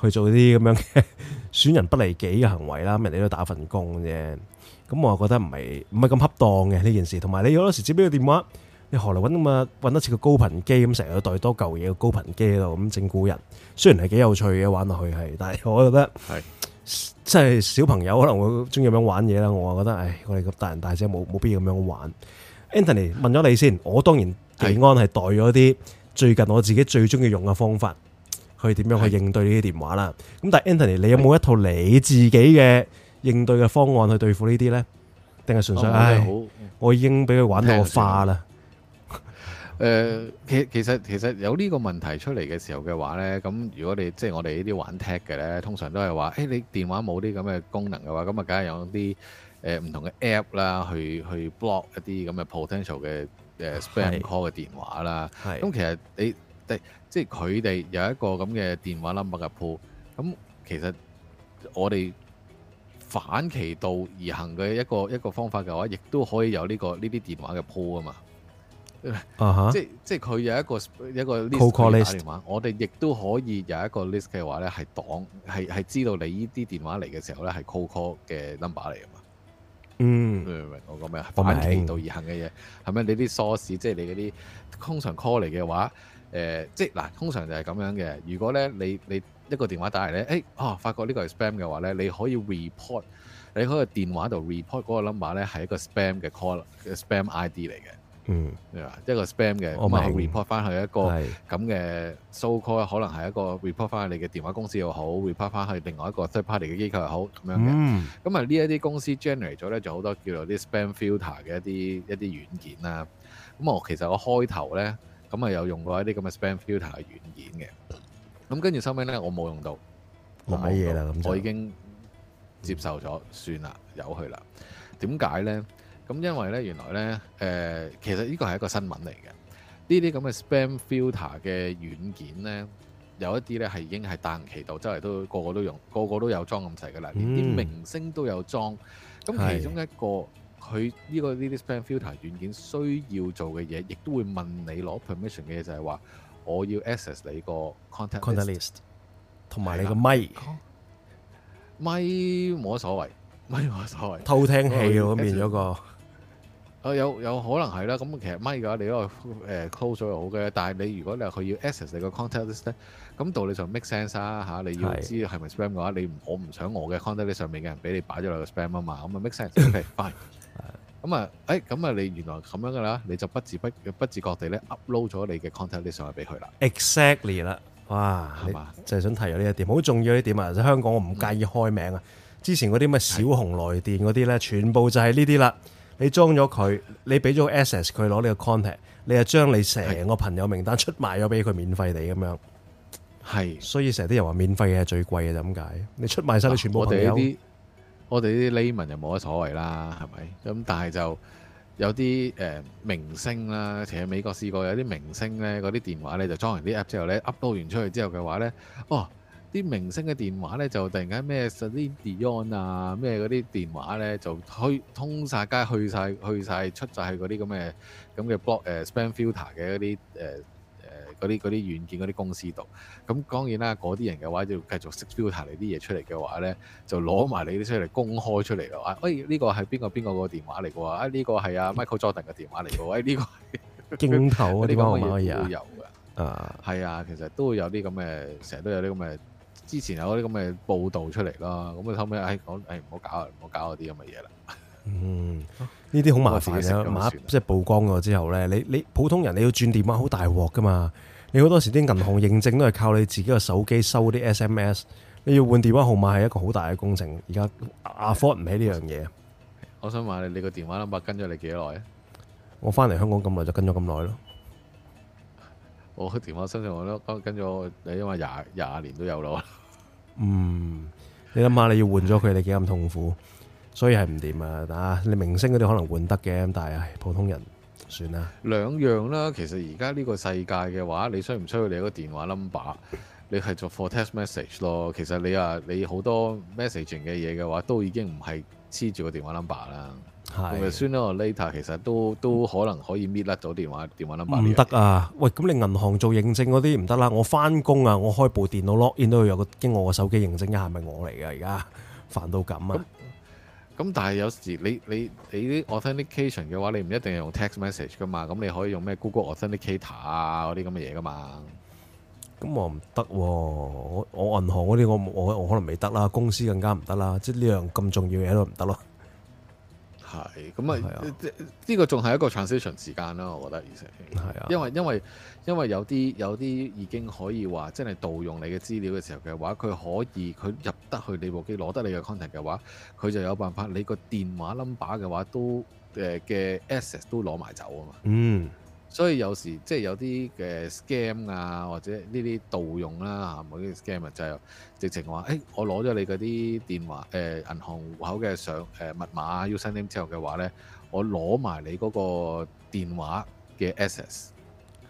去做啲咁樣嘅損人不利己嘅行為啦，人哋都打份工啫，咁我又覺得唔係唔係咁恰當嘅呢件事，同埋你有時接畀個電話，你何來揾咁啊？揾得似個高頻機咁，成日都袋多嚿嘢個高頻機喺度咁整蠱人，雖然係幾有趣嘅玩落去係，但係我又覺得係即係小朋友可能會中意咁樣玩嘢啦，我覺得唉，我哋咁大人大姐冇冇必要咁樣玩。Anthony 問咗你先，我當然平安係袋咗啲最近我自己最中意用嘅方法。去點樣去應對呢啲電話啦？咁但係 Anthony，你有冇一套你自己嘅應對嘅方案去對付呢啲咧？定係純粹唉，我已經俾佢玩到我化啦。誒，其其實其實有呢個問題出嚟嘅時候嘅話咧，咁如果你即係我哋呢啲玩 tech 嘅咧，通常都係話，誒你電話冇啲咁嘅功能嘅話，咁啊梗係有啲誒唔同嘅 app 啦，去去 block 一啲咁嘅 potential 嘅誒 spam call 嘅電話啦。係咁，其實你第。即係佢哋有一個咁嘅電話 number 嘅鋪，咁其實我哋反其道而行嘅一個一個方法嘅話，亦都可以有呢、這個呢啲電話嘅鋪啊嘛。啊哈、uh huh.！即即係佢有一個有一個 list 嘅電話，Call list. 我哋亦都可以有一個 list 嘅話咧，係擋係係知道你呢啲電話嚟嘅時候咧，係 call call 嘅 number 嚟啊嘛。嗯、mm.，明唔明我講咩？反其道而行嘅嘢？係咪明你啲 source 即係你嗰啲通常 call 嚟嘅話？呃、即係嗱，通常就係咁樣嘅。如果咧你你一個電話打嚟咧，誒、哎、啊、哦，發覺呢個係 spam 嘅話咧，你可以 report，你可以電話度 report 嗰個 number 咧係一個 spam 嘅 call 嘅 spam ID 嚟嘅。嗯，一個 spam 嘅，我明。report 翻去一個咁嘅 so call，是可能係一個 report 翻去你嘅電話公司又好，report 翻去另外一個 third party 嘅機構又好咁樣嘅。咁啊、嗯，呢一啲公司 generate 咗咧，就好多叫做啲 spam filter 嘅一啲一啲軟件啦。咁我其實個開頭咧。咁啊，有用過一啲咁嘅 spam filter 嘅軟件嘅，咁跟住收尾咧，我冇用到，買嘢啦，咁我已經接受咗，嗯、算啦，由佢啦。點解咧？咁因為咧，原來咧，誒、呃，其實呢個係一個新聞嚟嘅。呢啲咁嘅 spam filter 嘅軟件咧，有一啲咧係已經係大行其道，周圍都個個都用，個個都有裝咁細㗎啦。連啲明星都有裝。咁、嗯、其中一個。佢呢個呢啲 spam filter 軟件需要做嘅嘢，亦都會問你攞 permission 嘅嘢，就係話我要 access 你個 contact list 同埋你個咪，咪冇乜所謂，咪冇乜所謂。偷聽器啊，變咗個啊，有有可能係啦。咁其實咪嘅話你嗰個誒 close 咗又好嘅，但係你如果你話佢要 access 你個 contact list，咁道理就 make sense 啦嚇。你要知係咪 spam 嘅話，你，我唔想我嘅 contact list 上面嘅人俾你擺咗落個 spam 啊嘛，咁啊 make sense。OK，fine。咁啊，誒、嗯，咁、嗯、啊，你、嗯、原來咁樣噶啦，你就不自不不自覺地咧 upload 咗你嘅 contact 啲上去俾佢啦。Exactly 啦，哇，係嘛吧，就係想提下呢一點，好重要呢一點啊！香港我唔介意開名啊，嗯、之前嗰啲咩小紅來電嗰啲咧，的全部就係呢啲啦。你裝咗佢，你俾咗 access，佢攞你個 contact，你又將你成個朋友名單出賣咗俾佢，免費地咁樣。係的，所以成日啲人話免費嘢係最貴嘅，就咁解。你出賣晒你全部朋友。啊我我哋啲 layman 又冇乜所謂啦，係咪？咁但係就有啲誒、呃、明星啦，前喺美國試過有啲明星咧，嗰啲電話咧就裝完啲 app 之後咧 u p d a t 完出去之後嘅話咧，哦，啲明星嘅電話咧就突然間咩 Selena 啊，咩嗰啲電話咧就開通晒街，去晒去晒出晒嗰啲咁嘅咁嘅 block、呃、spam filter 嘅嗰啲誒。呃嗰啲啲軟件嗰啲公司度，咁當然啦，嗰啲人嘅話就繼續識 filter 你啲嘢出嚟嘅話咧，就攞埋你啲出嚟公開出嚟咯。啊，誒呢個係邊個邊個個電話嚟嘅喎？啊呢個係啊 Michael Jordan 嘅電話嚟嘅喎？誒呢個鏡頭嗰啲電話會有嘅。啊，係啊，其實都會有啲咁嘅，成日都有啲咁嘅，之前有啲咁嘅報導出嚟啦。咁啊後尾誒講誒唔好搞，搞這、嗯、這啊，唔好搞嗰啲咁嘅嘢啦。嗯，呢啲好麻煩啊！即係曝光咗之後咧，你你普通人你要轉電話好大鑊噶嘛～你好多時啲銀行認證都係靠你自己個手機收啲 SMS，你要換電話號碼係一個好大嘅工程，而家 afford 唔起呢樣嘢。我想問你，你個電話 number 跟咗你幾耐啊？我翻嚟香港咁耐，就跟咗咁耐咯。我個電話身上我都跟咗，因為廿廿年都有咯。嗯，你諗下，你要換咗佢，你幾咁痛苦，所以係唔掂啊！啊，你明星嗰啲可能換得嘅，但係普通人。算啦，兩樣啦。其實而家呢個世界嘅話，你需唔需要你個電話 number？你係做 for test message 咯。其實你啊，你好多 messaging 嘅嘢嘅話，都已經唔係黐住個電話 number 啦。同埋 soon or later，的其實都都可能可以搣甩咗電話電話 number。唔得啊！喂，咁你銀行做認證嗰啲唔得啦。我翻工啊，我開部電腦 login 都要有個經我個手機認證一下，係咪我嚟㗎？而家煩到咁啊！咁但係有時你你你啲 authentication 嘅話，你唔一定係用 text message 噶嘛，咁你可以用咩 Google Authenticator 啊嗰啲咁嘅嘢噶嘛。咁我唔得啊，我我銀行嗰啲我我我可能未得啦，公司更加唔得啦，即係呢樣咁重要嘅嘢都唔得咯。係，咁啊，係啊，呢個仲係一個 transition 時間啦，啊，我覺得，而係，因為因為因為有啲有啲已經可以話真係盜用你嘅資料嘅時候嘅話，佢可以佢入得去你部機攞得你嘅 content 嘅話，佢就有辦法你個電話 number 嘅話都誒嘅、呃、access 都攞埋走啊嘛。嗯。所以有時即係有啲嘅 scam 啊，或者呢啲盜用啦吓，某啲 scam 啊，sc 啊就係、是、直情話誒，我攞咗你嗰啲電話誒銀、欸、行戶口嘅上、誒、呃、密碼、username 之後嘅話咧，我攞埋你嗰個電話嘅 access，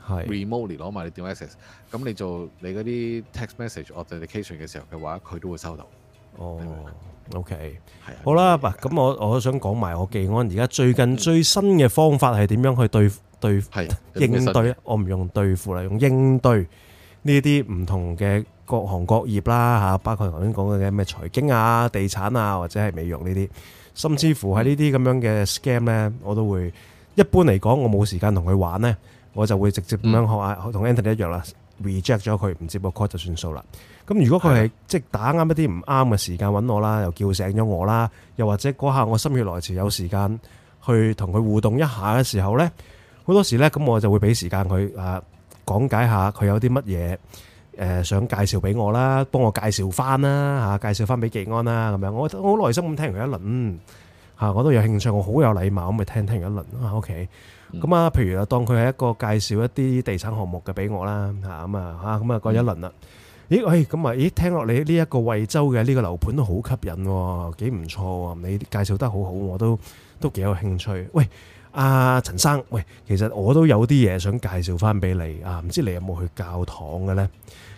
係是 remote 攞埋你的電話 access。咁你做你嗰啲 text message authentication 嘅時候嘅話，佢都會收到。哦，OK，係好啦，嗱，咁我我想講埋我記安而家最近最新嘅方法係點樣去對付？對是應對，我唔用對付啦，用應對呢啲唔同嘅各行各業啦嚇，包括頭先講嘅咩財經啊、地產啊，或者係美容呢啲，甚至乎喺呢啲咁樣嘅 scam 呢，我都會。一般嚟講，我冇時間同佢玩呢，我就會直接咁樣學啊，同 Anthony、嗯、一樣啦，reject 咗佢，唔接個 call 就算數啦。咁如果佢係的即係打啱一啲唔啱嘅時間揾我啦，又叫醒咗我啦，又或者嗰下我心血來潮有時間去同佢互動一下嘅時候呢。好多時咧，咁我就會俾時間佢啊講解下佢有啲乜嘢誒想介紹俾我啦，幫我介紹翻啦吓，介紹翻俾技安啦咁樣，我我好耐心咁聽完佢一輪吓，我都有興趣，我好有禮貌咁咪聽聽佢一輪啊，OK，咁啊，譬如啊，當佢係一個介紹一啲地產項目嘅俾我啦吓，咁啊吓，咁啊過一輪啦，咦，誒，咁啊，咦，聽落你呢一個惠州嘅呢個樓盤都好吸引，幾唔錯，你介紹得好好，我都都幾有興趣，喂。阿陳生，喂，其實我都有啲嘢想介紹翻俾你啊，唔知你有冇去教堂嘅呢？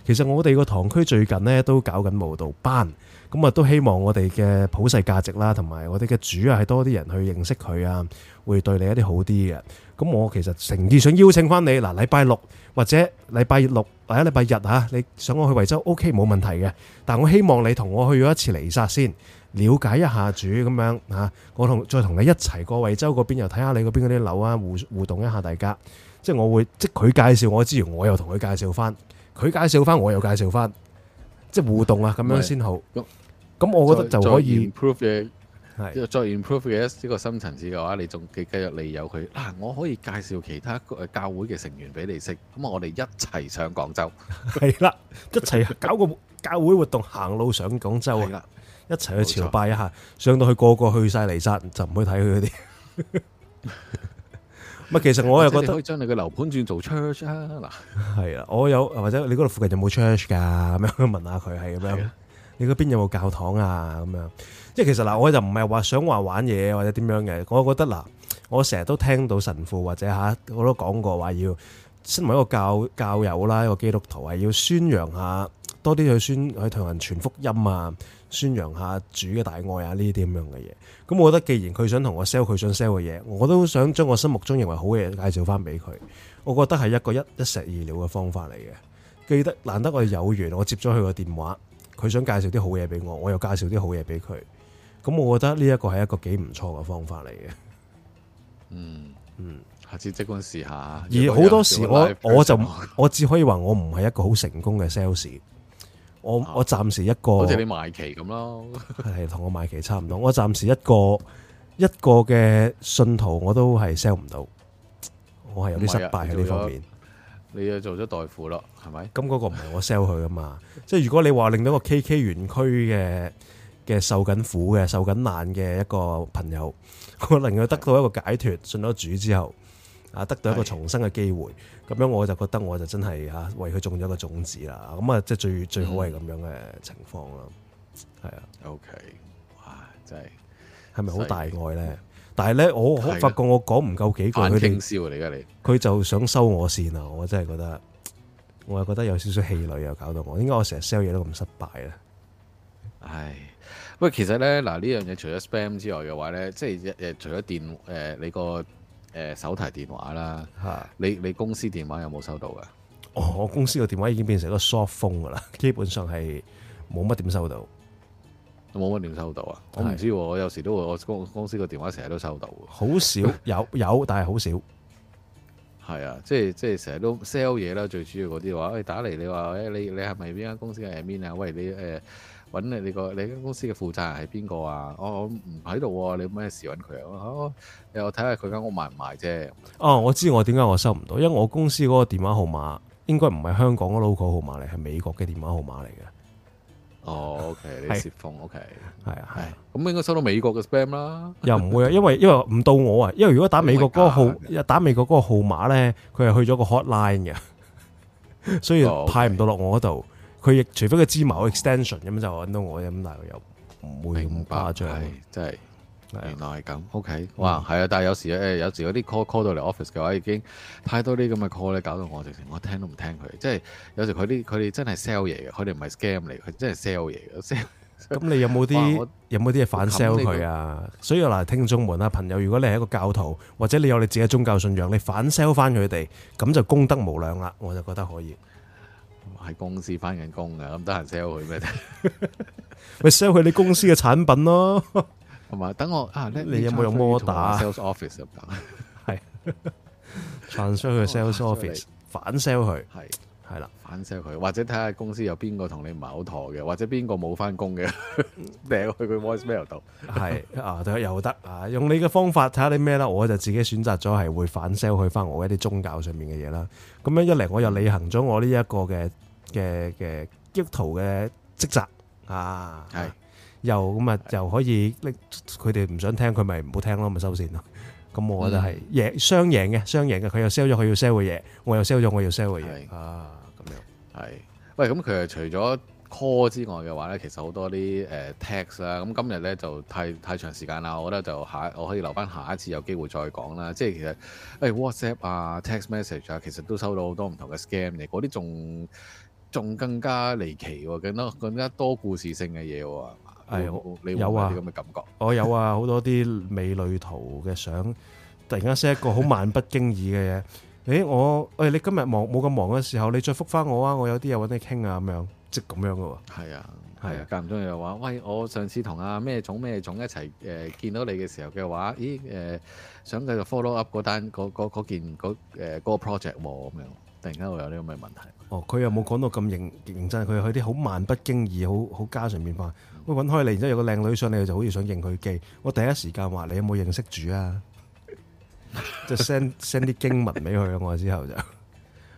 其實我哋個堂區最近呢都搞緊舞蹈班，咁啊都希望我哋嘅普世價值啦，同埋我哋嘅主啊，係多啲人去認識佢啊，會對你一啲好啲嘅。咁我其實誠意想邀請翻你，嗱，禮拜六或者禮拜六或者禮拜日吓，啊，你想我去惠州，OK，冇問題嘅。但我希望你同我去咗一次彌撒先。了解一下主咁樣嚇，我同再同你一齊過惠州嗰邊，又睇下你嗰邊嗰啲樓啊，互互動一下大家，即係我會即佢介紹我之餘，我又同佢介紹翻，佢介紹翻我又介紹翻，即係互動啊，咁樣先好。咁是我覺得就可以。i m 再，再 improve 嘅呢是個深層次嘅話，你仲繼繼續利誘佢嗱，我可以介紹其他教會嘅成員俾你識，咁啊，我哋一齊上廣州，係啦，一齊搞個教會活動， 行路上廣州，啊一齊去朝拜一下，上到去個個去曬彌撒，就唔去睇佢嗰啲。咪其實我又覺得，可以將你個樓盤轉做 church 啊。嗱，係啊，我有或者你嗰度附近有冇 church 㗎？咁樣問下佢係咁樣。你嗰邊有冇教堂啊？咁樣即係其實嗱，我就唔係話想話玩嘢或者點樣嘅。我覺得嗱，我成日都聽到神父或者吓我都講過話，要成為一個教教友啦，一個基督徒係要宣揚下多啲去宣去同人傳福音啊。宣揚下主嘅大愛啊，呢啲咁樣嘅嘢。咁我覺得，既然佢想同我 sell 佢想 sell 嘅嘢，我都想將我心目中認為好嘅嘢介紹翻俾佢。我覺得係一個一一石二鳥嘅方法嚟嘅。記得難得我哋有緣，我接咗佢個電話，佢想介紹啲好嘢俾我，我又介紹啲好嘢俾佢。咁我覺得呢一個係一個幾唔錯嘅方法嚟嘅。嗯嗯，嗯下次即管試下。而好多時我 DIY 我就 我只可以話我唔係一個好成功嘅 sales。我我暫時一個好似你賣旗咁咯，係 同我賣旗差唔多。我暫時一個一個嘅信徒，我都係 sell 唔到，我係有啲失敗喺呢方面。啊、你又做咗代父咯，係咪？咁 嗰個唔係我 sell 佢啊嘛。即係如果你話令到一個 K K 園區嘅嘅受緊苦嘅受緊難嘅一個朋友，佢令佢得到一個解脫，的信咗主之後。啊，得到一個重生嘅機會，咁是的 樣我就覺得我就真係啊為佢種咗一個種子啦。咁啊、嗯，即係最最好係咁樣嘅情況咯。係啊，OK，哇，真係係咪好大愛咧？但係咧，我發覺我講唔夠幾句佢聽。反的們傾你、啊，佢就想收我線啊！我真係覺得，我又覺得有少少氣餒啊，搞到我。點解我成日 sell 嘢都咁失敗咧？唉，喂，其實咧嗱，呢樣嘢除咗 spam 之外嘅話咧，即係誒，除咗電誒，你個。誒，手提電話啦，吓你你公司電話有冇收到嘅？哦。我公司個電話已經變成一個 soft phone 噶啦，基本上係冇乜點收到，冇乜點收到啊！我唔知，的我有時都我公公司個電話成日都收到，好少有 有，但係好少，係啊，即係即係成日都 sell 嘢啦，最主要嗰啲話喂打嚟，你話誒你你係咪邊間公司嘅 m i n 啊？喂你誒。呃揾你你個你間公司嘅負責人係邊個啊？我唔喺度，你有咩事揾佢啊？吓，又睇下佢間屋賣唔賣啫。哦，我知我點解我收唔到，因為我公司嗰個電話號碼應該唔係香港嘅 local 號碼嚟，係美國嘅電話號碼嚟嘅。哦，OK，你接縫是 OK，係啊，係啊，咁、啊、應該收到美國嘅 spam 啦。又唔會啊，因為因為唔到我啊，因為如果打美國嗰個號, 打美國嗰個號碼，打美國嗰個號碼咧，佢係去咗個 hotline 嘅，okay. 所以派唔到落我嗰度。佢亦除非佢芝麻 extension 咁就揾到我咁大，佢又唔會咁誇張。真係原來係咁。的 OK，哇，係啊！但係有時誒，有時嗰啲 call call 到嚟 office 嘅話，已經太多啲咁嘅 call 咧，搞到我直情我聽都唔聽佢。即係有時佢啲佢哋真係 sell 嘢嘅，佢哋唔係 scam 嚟，佢真係 sell 嘢嘅。咁你有冇啲有冇啲嘢反 sell 佢啊？所以嗱，聽眾們啊，朋友，如果你係一個教徒，或者你有你自己宗教信仰，你反 sell 翻佢哋，咁就功德無量啦。我就覺得可以。喺公司翻緊工嘅，咁得閒 sell 佢咩？咪 sell 佢你公司嘅產品咯，同埋 等我啊，你，你有冇用摩打 sales office 入打？係， 反 sell 佢 sales office，反 sell 佢係係啦，反 sell 佢，或者睇下公司有邊個同你唔係好妥嘅，或者邊個冇翻工嘅，掟去佢 voice mail 度。係 啊，對有得又得啊，用你嘅方法睇下啲咩啦，我就自己選擇咗係會反 sell 佢翻我的一啲宗教上面嘅嘢啦。咁樣一嚟，我又履行咗我呢一個嘅。嘅嘅 job 圖嘅職責啊，係又咁啊又可以，佢哋唔想聽佢咪唔好聽咯，咪收線咯。咁我覺得係贏雙贏嘅雙贏嘅，佢又 sell 咗佢要 sell 嘅嘢，我又 sell 咗我要 sell 嘅嘢啊，咁樣係。喂，咁其實除咗 call 之外嘅話咧，其實好多啲誒 text 啦，咁今日咧就太太長時間啦，我覺得就下我可以留翻下一次有機會再講啦。即係其實誒 WhatsApp 啊，text message 啊，其實都收到好多唔同嘅 scam 嚟，嗰啲仲。仲更加離奇喎，更加更加多故事性嘅嘢喎，係嘛？係，你會有啲咁嘅感覺。我有啊，好多啲美女圖嘅相，突然間寫一個好漫不經意嘅嘢。誒，我誒你今日忙冇咁忙嘅時候，你再覆返我啊，我有啲嘢揾你傾啊，咁樣即係咁樣嘅喎。係啊，係啊，間唔中又話，喂，我上次同阿咩總咩總一齊誒見到你嘅時候嘅話，咦誒，想繼續 follow up 嗰單嗰嗰嗰件嗰誒嗰 project 喎，咁樣突然間會有呢啲咁嘅問題。哦，佢又冇講到咁認認真，佢係啲好漫不經意，好好家常便飯。喂，揾開你，然之後有個靚女上嚟，就好似想認佢記。我第一時間話你有冇認識主啊？就 send send 啲經文俾佢啊！我之後就，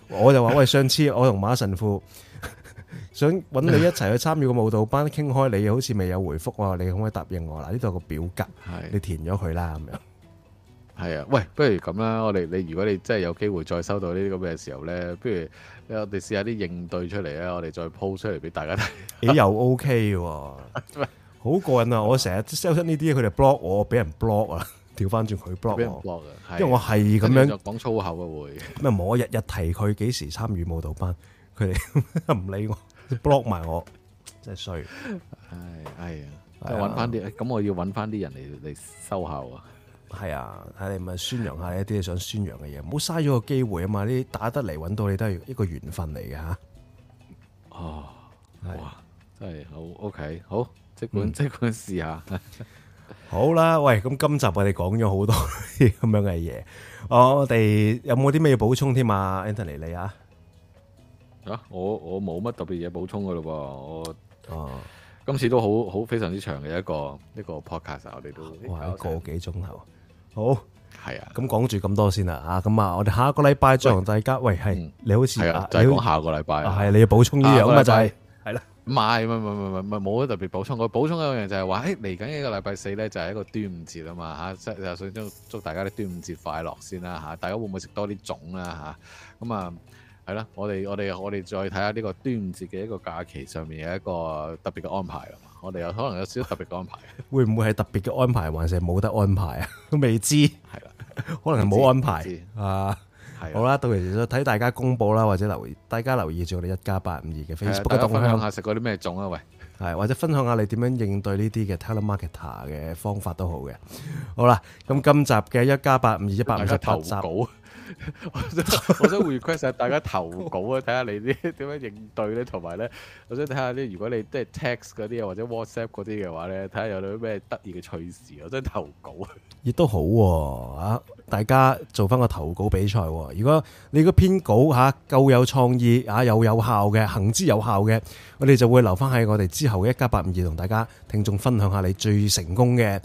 我就話：喂，上次我同馬神父想揾你一齊去參與個舞蹈班，傾開你，好似未有回覆喎，你可唔可以答應我？嗱，呢度有個表格，你填咗佢啦咁樣。.係啊，喂，不如咁啦，我哋你如果你真係有機會再收到呢啲咁嘅時候咧，不如我哋試下啲應對出嚟、欸 OK、啊，我哋再 po 出嚟俾大家睇，咦又 OK 喎，好過癮啊！我成日 sell 出呢啲嘢，佢哋 block 我，俾人 block 啊，調翻轉佢 block 我，block 因為我係咁樣講粗口啊會，咩冇日日提佢幾時參與舞蹈班，佢哋唔理我 ，block 埋我，真係衰，唉，係啊，揾翻啲，咁我要揾翻啲人嚟嚟收下啊。係啊，睇你咪宣揚下一啲想宣揚嘅嘢，唔好嘥咗個機會啊嘛！啲打得嚟揾到你都係一個緣分嚟嘅吓。哦，哇，是真係好 OK，好，即管，嗯，即管試下。好啦，喂，咁今集我哋講咗好多啲咁樣嘅嘢，我哋有冇啲咩要補充添啊？Anthony，你啊？啊，我我冇乜特別嘢補充噶咯噃，我，我哦，今次都好好非常之長嘅一個一個 podcast，我哋都哇我個幾鐘頭。好係啊，咁講住咁多先啦。吓，咁啊，我哋下一個禮拜再同大家。喂係，你好似啊，就講下個禮拜啊。係你要補充呢樣嘛，就係係咯，唔係唔唔唔唔唔冇得特別補充，我補充一樣就係話，誒嚟緊呢個禮拜四咧就係一個端午節啊嘛，吓即係所以都祝大家咧端午節快樂先啦，吓大家會唔會食多啲粽啊？吓，咁啊係啦，我哋我哋我哋再睇下呢個端午節嘅一個假期上面嘅一個特別嘅安排啊。我哋有可能有少少特別安排，會唔會係特別嘅安排，還是冇得安排啊？都未知，係啦，可能冇安排啊，係好啦，到時再睇大家公佈啦，或者留大家留意住我哋一加八五二嘅 Facebook。分享下食過啲咩餸啊？喂，係或者分享下你點樣應對呢啲嘅 Telemarketer 嘅方法都好嘅。好啦，咁今集嘅一加八五二一百五十八集。我想，我想 request 係大家投稿啊，睇下你啲點樣應對咧？同埋咧，我想睇下啲，如果你即係 text 嗰啲啊，或者 WhatsApp 嗰啲嘅話咧，睇下有啲咩得意嘅趣事，我想投稿亦都好啊，大家做翻個投稿比賽啊。如果你個篇稿吓夠有創意啊，有啊有效嘅，行之有效嘅，我哋就會留翻喺我哋之後嘅一加八五二同大家聽眾分享下你最成功嘅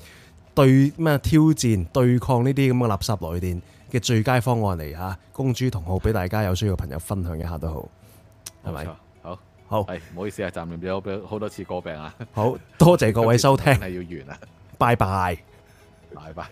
對咩挑戰對抗呢啲咁嘅垃圾來電嘅最佳方案嚟吓，公主同學俾大家有需要嘅朋友分享一下都好，係咪錯？是是好，好，哎，係唔好意思啊，站入邊有好多次過病啊，好多謝各位收聽，係 要完啊，拜拜 bye，拜拜。